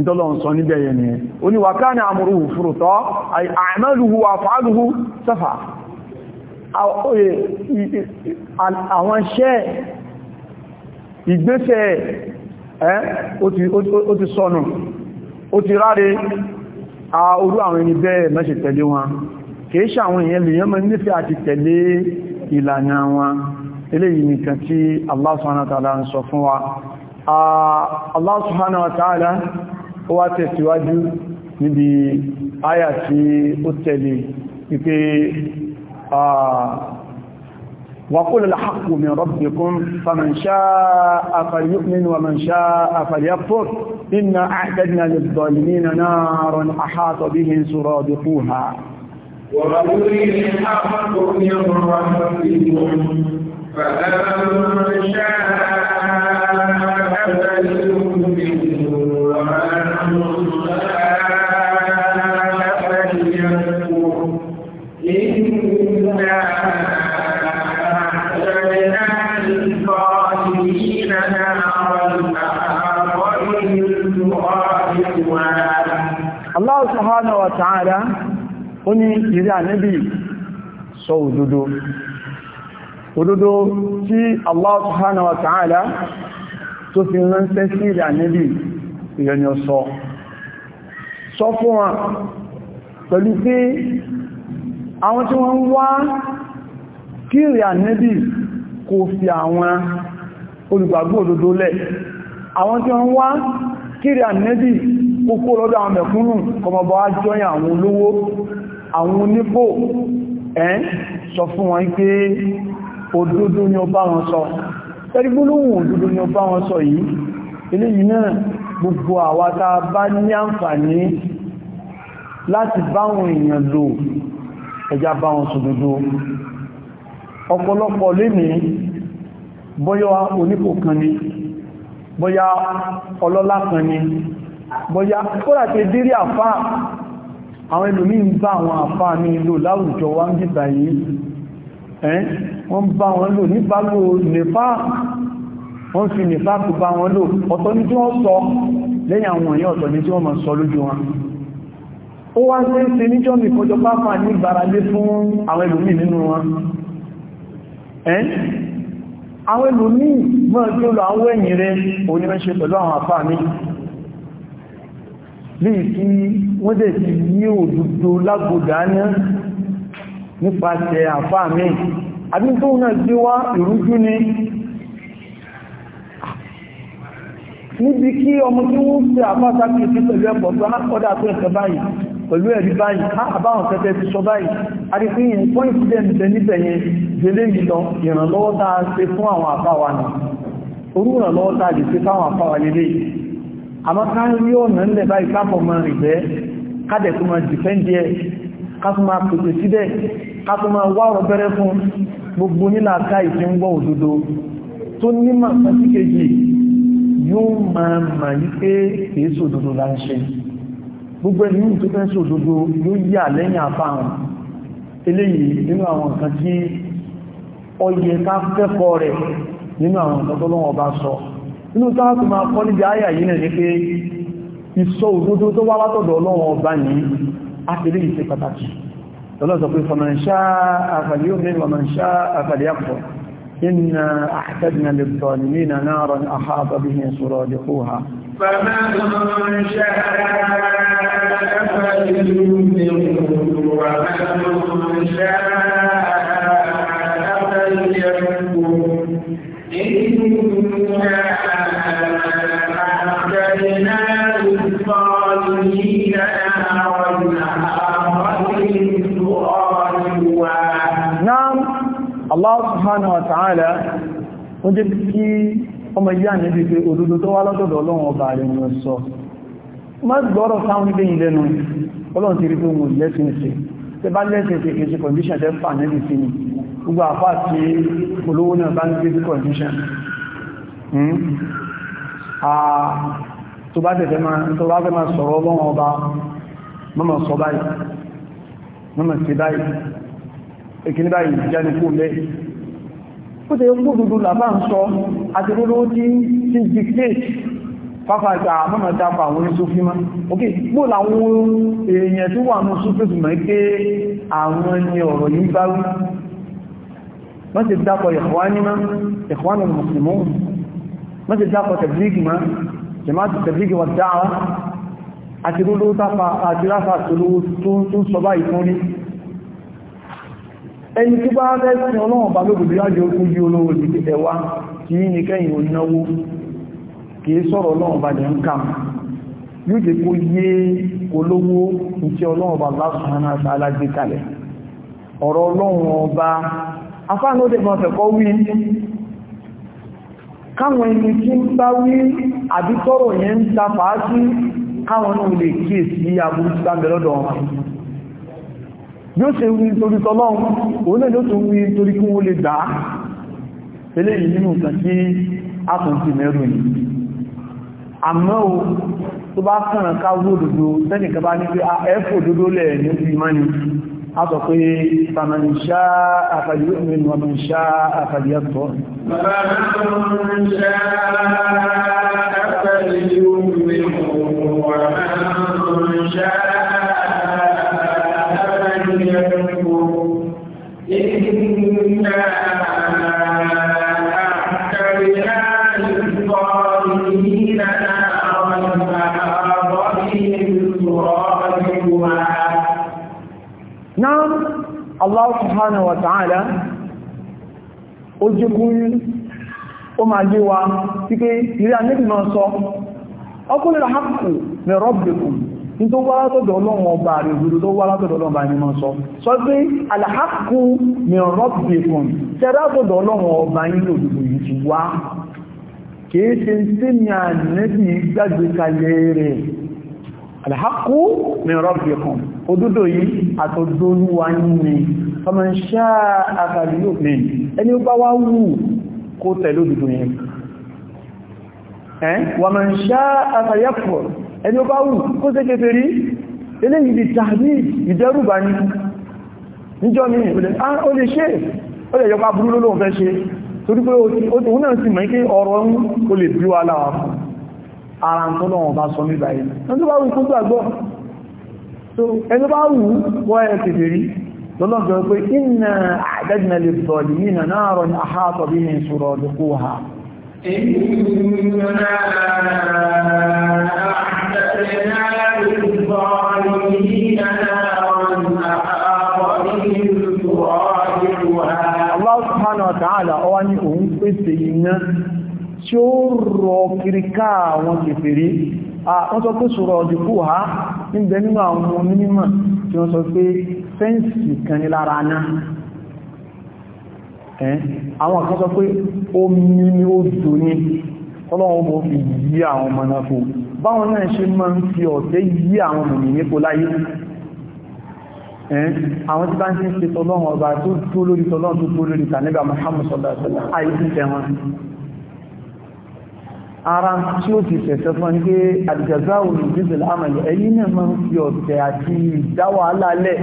ìtọ́lọ́run níbẹ̀ yẹn ni ó ní wà káà ní àmúrú fúrùtọ́ àìmẹ́lùú àfáàlùú sẹ́fà àwọn iṣẹ́ ìgbésẹ̀ ẹ́ ó ti sọnù ó ti ráre a orú àwọn ẹni bẹ́ẹ̀ má ṣe tẹ̀lé wọn kìí ṣe àwọn èèyàn lè yán mọ́ nífẹ̀ẹ́ àti tẹ̀lé ìlànà wọn eléyìí nìkan tí Allah subhanahu wa ta'ala ń sọ fún wa Allah subhanahu wa ta'ala ó wá tẹ̀síwájú níbi áyà tí ó tẹ̀lé آه. وقل الحق من ربكم فمن شاء فليؤمن ومن شاء فليكفر إنا أعددنا للظالمين نارا أحاط بهم سرادقها وقل الحق من ربكم مَنْ شاء فليؤمن ومن شاء ta'ala ó ní ìrí ànábì sọ òdodo òdodo tí Allah subhanahu wa ta'ala tó fi ránṣẹ́ sí ìrí ànábì ìrẹni ọ̀sọ́ sọ fún wa pẹ̀lú pé àwọn tí wọ́n ń wá kí ìrí ànábì kò fi àwọn olùgbàgbọ́ òdodo lẹ̀ àwọn tí wọ́n ń wá kí ìrí ànábì kókó lọ́dọ̀ àwọn mẹ̀kúnnù kọmọbọ̀ ajọ́yìn àwọn olówó àwọn onípò ẹ́ sọ fún wọn pé òdodo ni ó bá wọn sọ tẹ́rígbólóhùn òdodo ni ó bá wọn sọ yìí eléyìí náà gbogbo àwa tá bá ní àǹfààní láti báwọn èèyàn lò ẹjá bọ́yá kódà pé dérí àfá àwọn ẹlòmí ń bá àwọn àfá mi lò láwùjọ wá ń bíbà yìí ẹ́n wọ́n bá wọn lò níbálò nìfá wọ́n fi nìfá kú bá wọn lò ọ̀tọ́ ní tí wọ́n sọ lẹ́yìn àwọn èèyàn ọ̀tọ́ ní tí wọ́n ma sọ lójú wọn ó wá mi kọjọ pápá ní fún àwọn wọn ẹ́n àwọn mọ́ tí ó lọ àwọn ẹ̀yìn rẹ̀ pẹ̀lú àwọn bí i kí wọ́n dẹ̀ ti yí òdúdó lágbòdá ní nípasẹ̀ àfáà mi àbí tó náà tí wá ìrújú ni níbi kí ọmọ tí wọ́n fi àfáàtà kí ti pẹ̀lú ẹ̀pọ̀ tó ápọ́dà tó ẹ̀kẹ́ báyìí pẹ̀lú ẹ̀rí báyìí àbáwọn tẹ́tẹ́ ti sọ báyìí àrífíyàn fún ìfìdẹ̀ǹdẹ̀ níbẹ̀yẹn délé ìlọ ìrànlọ́wọ́ tàà ṣe fún àwọn àfáwà náà orú ìrànlọ́wọ́ tàà lè ṣe fáwọn àfáwà lélẹ́yìí àmọ́ ká ń rí ọ̀nà ńlẹ̀ báyìí kápọ̀ máa rìn bẹ́ kádẹ̀ tó máa dìfẹ́ndì ẹ̀ kásùn máa pèsè síbẹ̀ kásùn máa wá ọ̀rọ̀ bẹ́rẹ́ fún gbogbo nílà ká ìfẹ́ ń gbọ́ òdodo tó nímọ̀ sí kejì yóò máa inú tó wá tó máa kọ́ níbi ayà yìí náà ní pé ìsọ òdodo tó wá látọ̀dọ̀ ọlọ́run ọba yìí á ti rí ìṣe pàtàkì lọ́lọ́sọ pé fọmọ̀nṣá àfàdé òmìn fọmọ̀nṣá àfàdé subhanahu wa ta'ala ó jẹ́ kí ọmọ ìyá níbi pé òdodo tó wá lọ́dọ̀dọ̀ ọlọ́run ọba rẹ̀ mọ̀ sọ má gbọ́rọ̀ sáwọn ilé ìlẹ́nu ọlọ́run ti rí pé wọn lẹ́sìn sí tẹ bá lẹ́sìn sí kìí sí condition tẹ́ fà níbi sí ni gbogbo àfá tí olówó náà bá ń gbé sí condition hmm? tó bá tẹ̀fẹ́ máa sọ̀rọ̀ ọlọ́run ọba mọ́mọ̀ sọ báyìí mọ́mọ̀ sí báyìí ó tẹ́ ń gbódúdú làbá ń sọ àti rúrú tí ti dictate pápá ìta mọ́mọ̀ dápa àwọn oníṣòfin má ok gbó làwọn èèyàn tó wà ní sófin mọ̀ pé àwọn ni ọ̀rọ̀ yìí bá wí wọ́n ti dápọ̀ ìhwání má ìhwání mùsùlùmí wọ́n ti dápọ̀ tẹ̀blígì má jẹ́máàtì tẹ̀blígì wà dáa ẹni tí bá rẹ̀ sí ọlọ́run bá lóògbé lájẹ́ ó kún bí olówó ní pípẹ̀ wá kí ní kẹ́yìn ò náwó kì í sọ̀rọ̀ ọlọ́run bá jẹ́ ń kà yóò jẹ́ kó yé olówó ìṣẹ́ ọlọ́run bá lásùnmọ́nà alágbé kalẹ̀ ọ̀rọ̀ ọlọ́run ọba yóò ṣe wí torí tọ́lọ́run òun náà yóò tún wí torí kí wọ́n lè dá eléyìí nínú nǹkan tí a tún ti mẹ́rù yìí àmọ́ o tó bá kànràn káwó òdòdó tẹ́nìkan bá ní pé ah, ẹ́fò òdòdó lẹ̀ ní ti mọ́ni a sọ pé tàmàlìṣà àfàdíyà mẹ́rin wọn mẹ́ṣà àfàdíyà tọ́ Bàbá Allah subhanahu wa ta'ala ala jẹ́ kún ó ma wa wípé ilé anẹ́bì máa sọ ọkùnrin àhàkù min rabbikum ní tó wá látọ̀dọ̀ ọlọ́run ọba rẹ̀ ìgbòdó ọba ni máa sọ sọ pé alhàkù min rabbikum ọba nílò òdòdó yìí ti wá kìí ṣe sí ni alhaku min rabbikum òdodo yìí àtọ̀dọ́lúwa ní ọmọ iṣẹ́ àkàlùyò ní ẹni ó bá wá wù kó tẹ̀lé òdodo yẹn ẹ́n wà mọ̀ iṣẹ́ àkàlùyàpọ̀ ẹni ó bá wù kó ṣe kèfèrí eléyìí di tàbí ìdẹ́rùbà ní níjọ́ ní ah, ó lè ṣe ó lè yọpa burú lólóhun fẹ́ ṣe torípé ó ti òun náà sì mọ̀ ara ń tọ́lọ̀ wọn bá sọ mí báyìí ẹni bá wù kó gbàgbọ́ so ẹni bá wù wọ́n ẹ̀ tètè rí lọ́lọ́gbẹ̀ pé iná àdẹ́gbẹ̀ lè sọ̀lì nínà náà ní àhátọ̀ bí ní ìṣòro ọdún ha Allah subhanahu wa ta'ala ọwá ní òun pèsè iná tí ó rọ kìríká àwọn kèfèrí wọ́n sọ pé sọ̀rọ̀ ọ̀dìkú ha ń bẹ nínú àwọn onímọ̀ tí wọ́n sọ pé fẹ́ǹsì kan ní lára náà àwọn pé omi ni ó ní ọlọ́run fi yí àwọn ọmọ náà ṣe ń àwọn tí bá ń ọba tó tó lórí ara tí ó ti fẹ̀sẹ̀ fún ní pé àdìjàzá òní ìdíjẹ̀ láàmàlẹ̀ ẹ̀yìn náà máa ń fi ọ̀tẹ̀ àti ìdáwà alálẹ̀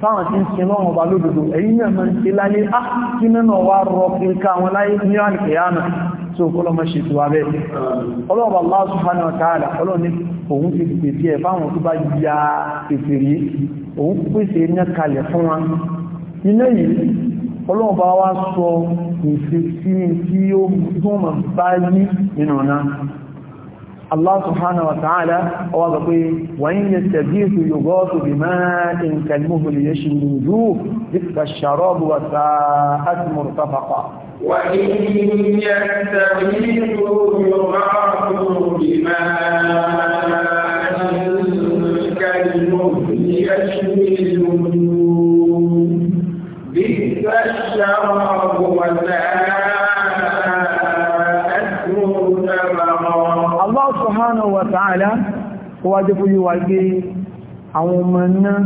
fáwọn tí ń ṣe lọ́wọ́n ọba lódodo ẹ̀yìn náà máa ń ṣe láyé á ah, kí mẹ́nà wá rọ kíríkà ọlọ́run bá wá sọ ìfẹ́ sí ní tí ó mọ̀ bá yí nínú náà Allah subhanahu wa ta'ala ọwá sọ pé wọ́n yẹ tẹ̀bíẹ̀tù yóò bí máa ń kẹlmùhù lè yẹ ṣe lùjú dípa ṣàrọ́bù wa sa'at murtafaqa وإن يستغيثوا يغاثوا بماء كالمهل يشوي Allah subhanahu wa ta'ala ó wá jẹ́ fúyí wa gbé àwọn ọmọ náà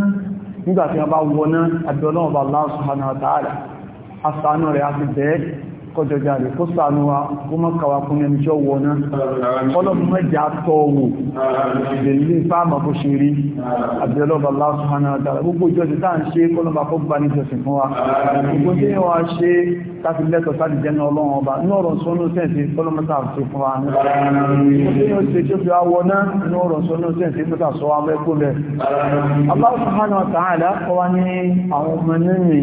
nígbàtí wọ́n bá wọ́ná àbí ọlọ́run bá Allah subhanahu wa ta'ala asánú rẹ̀ á ti bẹ́ẹ̀ kọjọ jáde kó sànú wa kó mọ́ kàwà fún ẹni jọ wọ náà kọ́lọ̀mù mẹ́jà tọ́ wò ìdèlé fáàmà bó ṣe rí àbẹ̀lọ́bà lásùhánà dára gbogbo ìjọsìn tá à ń ṣe kọ́lọ̀mù àkọ́ gbà ní ìjọsìn fún wa gbogbo tí wọ́n ṣe láti lẹ́tọ̀ sáti jẹ́ náà ọlọ́run ọba ní ọ̀rọ̀ sọ́nù sẹ́ǹsì kọ́lọ̀mù tá à ń ṣe fún wa ní ó ṣe tó fi awọ náà ní ọ̀rọ̀ sọ́nù sẹ́ǹsì mẹ́ta sọ wa mẹ́kún rẹ̀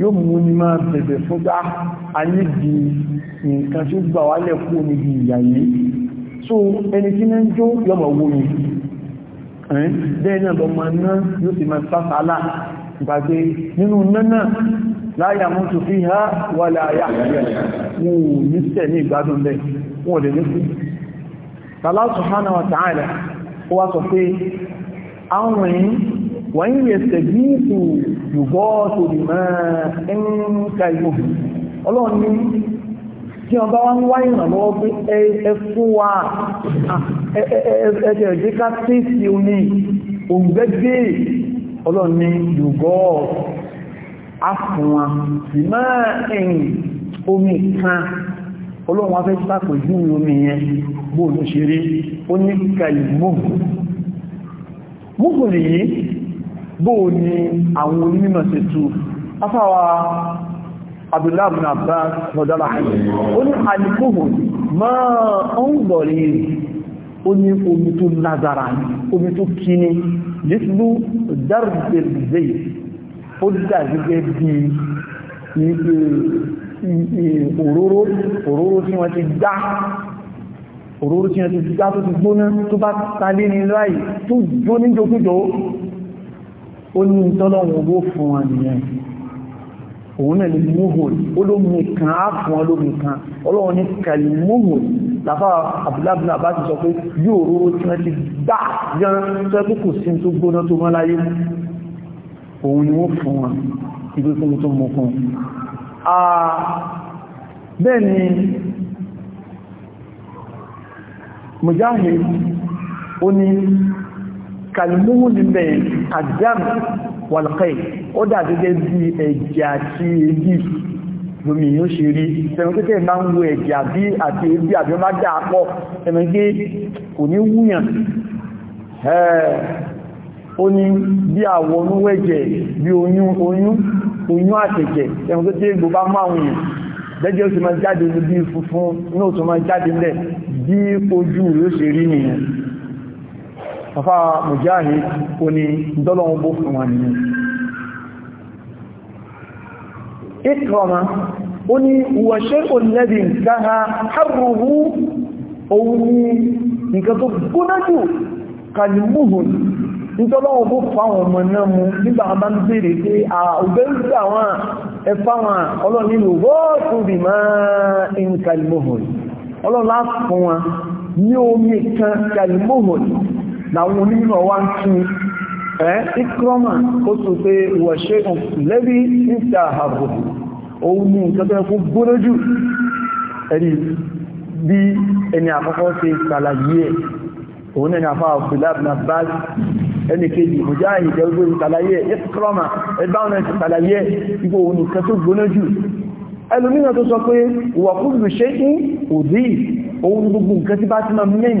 yóò mú ní máa bẹ̀bẹ̀ fún bá a ní di nǹkan tí ó gbà wá lẹ́kú níbi ìyà yìí so ẹni tí náà jó yọmọ owó ni bẹ́ẹ̀ náà lọ́mọ náà yóò ti máa sásàálà gbàgbé nínú náà láyà mú tó fi há wà láyà wọn ò ní sẹ̀ yùgọ́ọ̀tò lè máa ń ka ìlú ọlọ́run ní tí wọ́n bá wá ń wá ìrànlọ́wọ́ pé ẹ fún wa ẹ̀ẹ́dẹ̀ ẹ̀dẹ́ ká tẹ́sí omi òǹgbẹ́gbẹ́ ọlọ́run ní yùgọ́ọ̀tò afúnwa sì máa ń omi kan ọlọ́run wá fẹ́ sàpèjú omi yẹn bóòlù ṣeré ó ní ka ìlú mọ́gùn nìyí bóò ni àwọn onímọ̀ ṣe tú afáwa abdullahi bin abbas rọ̀dọ́lá ó ní alikoho máa ń gbọ̀rí ó ní omi tó lágbára omi tó kíní lítlú darbelze ó dà gẹ́gẹ́ bí òróró òróró tí wọ́n ti dá òróró tí wọ́n ti dá tó ti gbóná tó bá tàlé ní láì tó jó ní jókújó ó ní ìtọ́lọ́run owó fún wọn nìyẹn òun náà ni múhùn olómi kan á fún olómi kan ọlọ́run ní kàlì múhùn láfá àbúlábùnà bá ti sọ pé yóò róró tí wọ́n ti gbà yán tó ẹ́kù kò sí tó gbóná tó wọ́n láyé òun ni wọ́n fún wọn ìgbé fún tó mọ́ fún bẹ́ẹ̀ mujahid ó ní kalimuhu ni bẹ́ẹ̀ adam walqay ó dà gẹ́gẹ́ bí ẹ̀jẹ̀ àti ebi lómi yóò ṣe rí ẹ̀mọ̀ pé tẹ́ẹ̀ máa ń wo ẹ̀jẹ̀ àbí àti ebi àbí ọmọ dà pọ̀ ẹ̀mọ̀ pé kò ní wúyàn ó ní bí àwọ̀ onúwọ̀ ẹ̀jẹ̀ bí oyún oyún oyún àtẹ̀jẹ̀ ẹ̀mọ̀ pé tẹ́ẹ̀ gbogbo máa ń yìn bẹ́jẹ́ ti máa jáde ní bí funfun náà tó máa jáde lẹ̀ bí ojú rẹ̀ ṣe rí nìyẹn àfá mùjáhì ó ní ìdọ́lọ́wọ́ bó fún wa nìyàn ìkọ̀ọ̀mà ó ní wọ̀ṣẹ́ olẹ́bìn káha harruhu òun ní nǹkan tó gbóná jù kalimuhun ìdọ́lọ́wọ́ bó fún àwọn ọmọ náà mú nígbà bá ń bèèrè pé àgbẹ́ ń gbà wọn ẹfà wọn ọlọ́nìlú wọ́ọ̀tù bì máa ń kalimuhun ọlọ́lá fún wọn ní láwọn onímọ̀ wá ń tún ẹ́ ikrọ́mà ó tún pé wọ̀ṣẹ́ lẹ́bí níta àbò òun ní ìtọ́tẹ́ fún gbórójù ẹ̀rí bí ẹni àkọ́kọ́ ṣe ṣàlàyé ẹ̀ òun ẹni àfáà fìlàbìnà bá ẹni kejì òjá ìjẹ́ gbogbo ìtàlàyé ìsìkọ́mà ẹgbàwọn ẹ̀sì ìtàlàyé ipò òun nìkan tó gbóná jù ẹlòmínà tó sọ pé wà fún ìṣẹ́ òdí òun gbogbo nǹkan tí bá ti máa mẹ́yìn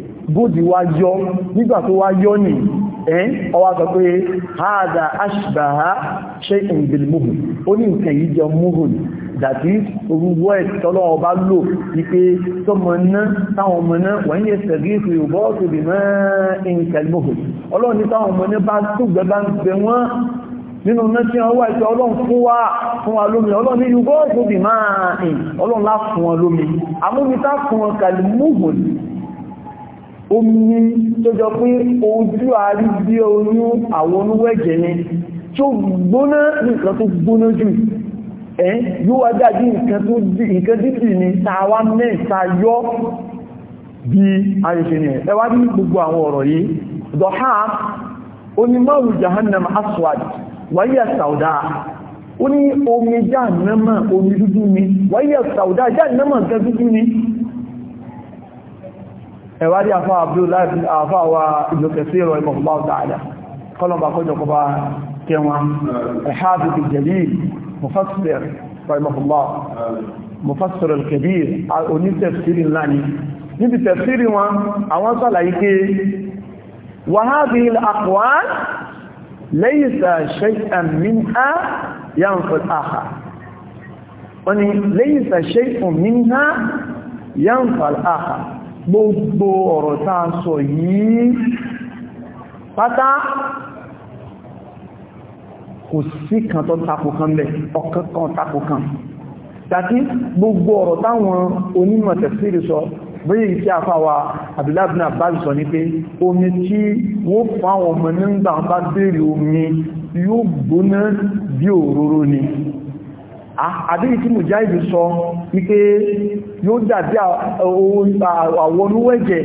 bóòdì wá yọ nígbà tó wá yọ ní ẹ́ ọwá sọ pé haada ashbaha shay'in bil muhun ó ní nǹkan yìí jọ muhun dàbí orúwọ́ ẹ̀tọ́lọ́ ọba lò wípé tọ́mọ náà táwọn ọmọ náà wọ́n yẹ sẹ̀rí ìfẹ́ ìbọ́ tó lè mọ́ nǹkan muhun ọlọ́run ní táwọn ọmọ náà bá túgbẹ́ bá ń bẹ wọ́n nínú mẹ́sí ọwọ́ ẹ̀tọ́ ọlọ́run fún wa fún wa lómi ọlọ́run ní yúgọ́ ọ̀gbọ̀n bí máa ń ọlọ́run lá fún wọn lómi àmúmi tá fún wọn kàlùmúhùn omi tó jọ pé ojú àárí oyún àwọn onúwẹ̀jẹ̀ yẹn tó gbóná nǹkan tó gbóná jù ẹ́ yóò wá dájú nǹkan tó nǹkan dídì ní tàwa mẹ́ta yọ́ bí yi. ni ẹ wá ní gbogbo àwọn ọ̀rọ̀ yìí dọ̀há onímọ̀rù jahannam aswad wáyé sàúdá ó ní omi jahannama omi dúdú ni wáyé sàúdá jahannama nǹkan dúdú ni ẹ̀wádí àfá Abdullahi àfá wa Ibn Kathir ìmọ̀kùnbá ọ̀dáadà kọlọ̀bà kọjọkọba kẹwọn al-Hafiz al-Jalil mufassir ìmọ̀kùnbá mufassir al-Kabir onítẹ̀fsírí ńlá ni níbi tẹ̀fsírí wọn àwọn sọ́làyé pé wa hadhihi al-aqwal laysa shay'an minha yanfi al gbogbo ọ̀rọ̀ táa sọ yìí pátá kò sí kan tó tako kan lẹ̀ ọ̀kankan tako kan tàbí gbogbo ọ̀rọ̀ táwọn onímọ̀ tẹ̀síri sọ bóyí tí a fáwa àbìlábìnà bá sọ ní pé omi tí wọ́n fáwọn ọmọ nígbà bá béèrè omi yóò gbóná bí òróró ni Ah, àdírí tí mò jáìdù sọ wípé yóò dàbí àwọn olúwẹ́jẹ̀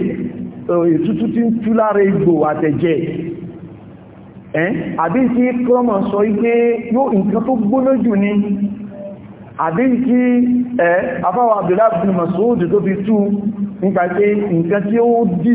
eh, ètútú tí ń tú lára egbò àtẹ̀jẹ̀ àbí tí kọ́mọ̀ sọ wípé yóò nǹkan tó gbóná jù ní àbí tí afáwà Abdullah bin Mas'ud tó fi tú nípa pé nǹkan tí ó dì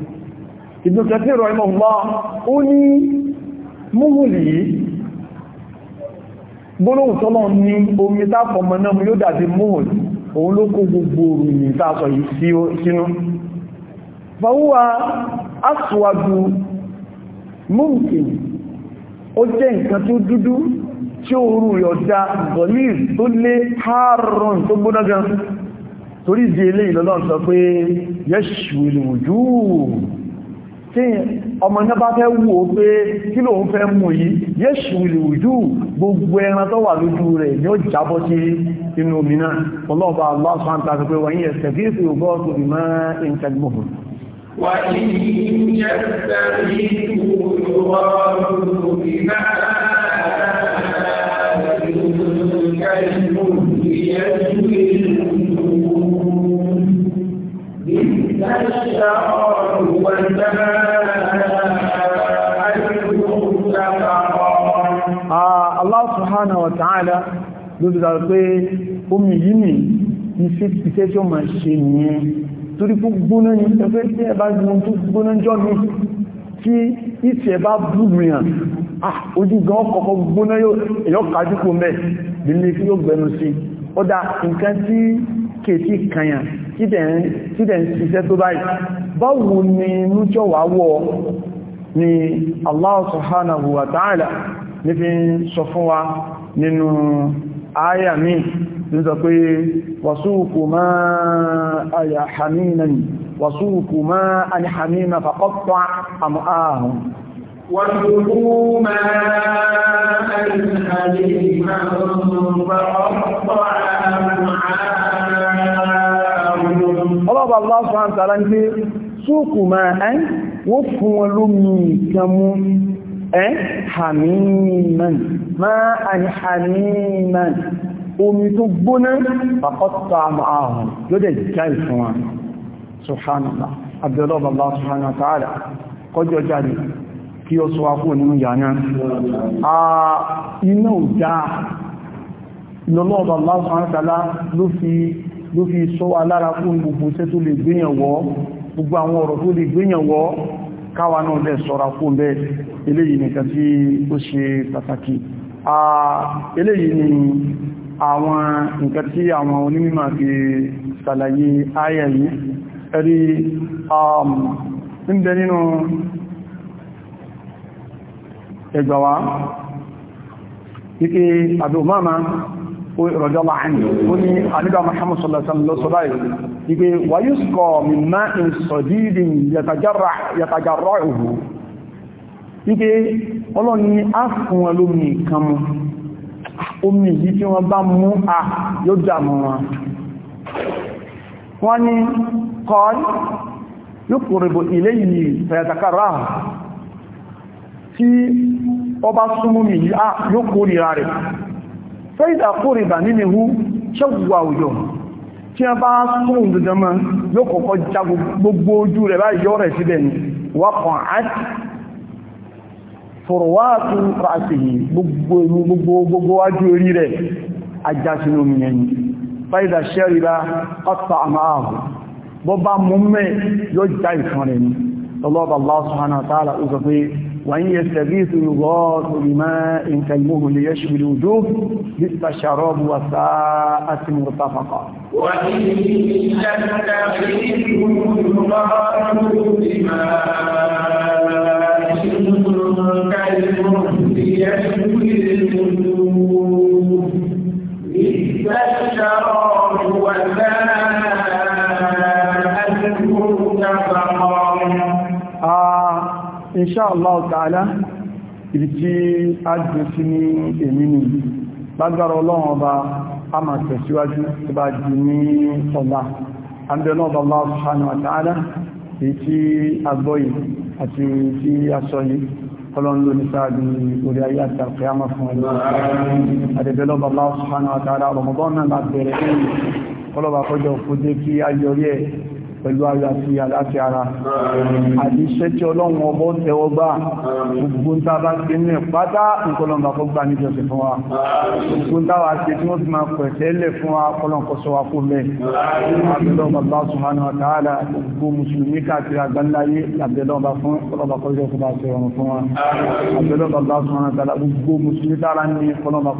Ibn Kathir rahimahullah ó ní múhùlì yìí gbónáhùn tọ́lọ́ ní omi tápọ̀mọ̀ náà mú yóò dàbí múhùlì òun ló kó gbogbo òrùn ìtàṣọ̀ yìí sínú fàwúwa aswadu mumkin ó jẹ́ nǹkan tó dúdú tí ó rú yọ̀dá gọ̀lìr tó lé ààrùn tó gbóná gan torí ìdí ilé ìlọ́lọ́ sọ pé yẹ́ṣù ìlúwòjú tí ọmọ iná bá fẹ́ wò ó pé kí lòun fẹ́ mú yìí yéṣù ìlúwìdú gbogbo ẹran tó wà lójú rẹ̀ ni ó jábọ́ sí inú omi náà ọlọ́ọ̀bá Allah subhanahu wa pé wọ́n yẹ̀ sẹ̀fíìsì ògbọ́ọ̀tù ìmọ̀ ìǹtẹ̀gbọ̀n Ah, Allah subhanahu wa ta'ala ló ti dára pé omi yìí ni iṣẹ́ tí ó máa ṣe nìyẹn torí fún gbóná ní ẹgbẹ́ tí ẹ bá gbọ́n tó gbóná jọ ní tí ìtì ẹ bá búrìyàn ah, ojú gan kọ̀kọ́ gbóná yóò kájú kò mẹ́ kèsí kanyàn tí dẹ̀ ń ṣiṣẹ́ tó báyìí báwo ni nújọ́ wà wọ́ ni Allah subhanahu ní fi sọ fún wa nínú ayà mi nígbà pé wàsúùkù máa àyà ni wàsúùkù máa àyà hàmínà fàkọ́pàá ààrùn وكلوا ما ألهيهم فقطع Ọlọ́ba Allah Subhanahu wa ta'ala ń gbé súùkù máa ẹ́ wọ́n fún wọn lómi ìkẹmú ẹ́ hàmìmàn máa àni hàmìmàn omi tó gbóná pàkọ́ta àmàrùn ló dẹ̀ ìfún wa. Subhanallah, Abdullahi Allah Subhanahu wa kọjọ jáde kí ó sọ akú nínú yàná a iná ò dáa lọ́lọ́ọ̀bà lásánátàlá ló fi sọ wa lára fún gbogbo iṣẹ́ tó lè gbéyànwọ́ gbogbo àwọn ọ̀rọ̀ tó lè gbéyànwọ́ káwa náà lẹ́ sọ́ra fún bẹ́ eléyìí nìkan tí ó ṣe pàtàkì eléyìí ni um, ń bẹ nínú ẹgbàwá ike àdùmáàmà rọ̀jọ́lá àìyàn ó ní àníbà Muhammad sallallahu alaihi wasallam ike wà yóò sọ mímá ìsọ̀dídì yàtàjárọ̀ òhù ike ọlọ́ni ni a fún wọn lómi kan mú omi yìí tí wọ́n bá mú à yóò dàmù wọn wọ́n ni kọ́ tí ọba súnmú mi yá ah, yóò kórìíra rẹ̀ fẹ́ìdà kórìíra nínú ihu ṣẹ́gbùgbà òjò tí a bá súnmù dandamá yóò kọ́kọ́ já gbogbo ojú rẹ̀ báyìí yọ́ rẹ̀ síbẹ̀ ni wákan àti fòròwáàtú rásì gbogbo wájú orí rẹ̀ ajásínú mi yẹni fẹ́ìdà ṣẹ́rìlá ọ̀tà àmáhù bọ́ bá mú mẹ́ yóò já ìfọn rẹ̀ ni ọlọ́bàá Allah subhanahu wa ta'ala ó sọ pé وإن يستغيث يغاث بماء كلمه ليشوي الوجوه مثل الشراب وساءت مرتفقة وإن يستغيث بماء كالمهل ليشوي الوجوه الشراب insha Allah ta'ala ibi tí a jù sí ní èmi ni lágbára ọlọ́run ọba a máa tẹ̀síwájú tó bá jù ní ọba àbẹ̀lọ́ ọba Allah subhanahu wa ta'ala èyí tí a gbọ́ yìí àti tí a sọ yìí ọlọ́nlọ́ ní pẹ̀lú ayọ̀ àti àláti ara àti iṣẹ́ tí ọlọ́run ọbọ́ tẹ́wọ́gbà gbogbo tàbá ti ní pátá nǹkọlọ́mbà kó gbà ní jọsìn fún wa gbogbo tàbá ti tí wọ́n ti máa pẹ̀ tẹ́lẹ̀ fún wa kọlọ̀kọ́sọ́ wa kó mẹ́ àbẹ̀lọ́bàbá subhanahu wa ta'ala gbogbo mùsùlùmí káàkiri àgbáńláyé àbẹ̀lọ́bà fún kọlọ̀bà kọjọ́ kọba ṣe rọrùn fún wa àbẹ̀lọ́bàbá subhanahu wa ta'ala gbogbo mùsùlùmí tára ní kọlọ̀bà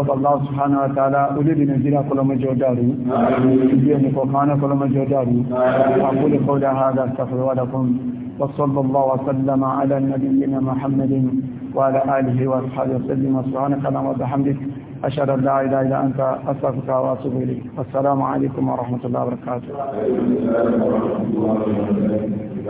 يوم الله سبحانه وتعالى أولي نزيل كل جوداري جو داري أولي نفوخان أقول قول هذا استغفر لكم وصلى الله وسلم على نبينا محمد وعلى آله وصحبه وسلم سبحانك اللهم وبحمدك أشهد أن لا إله إلا أنت أستغفرك وأتوب إليك والسلام عليكم ورحمة الله وبركاته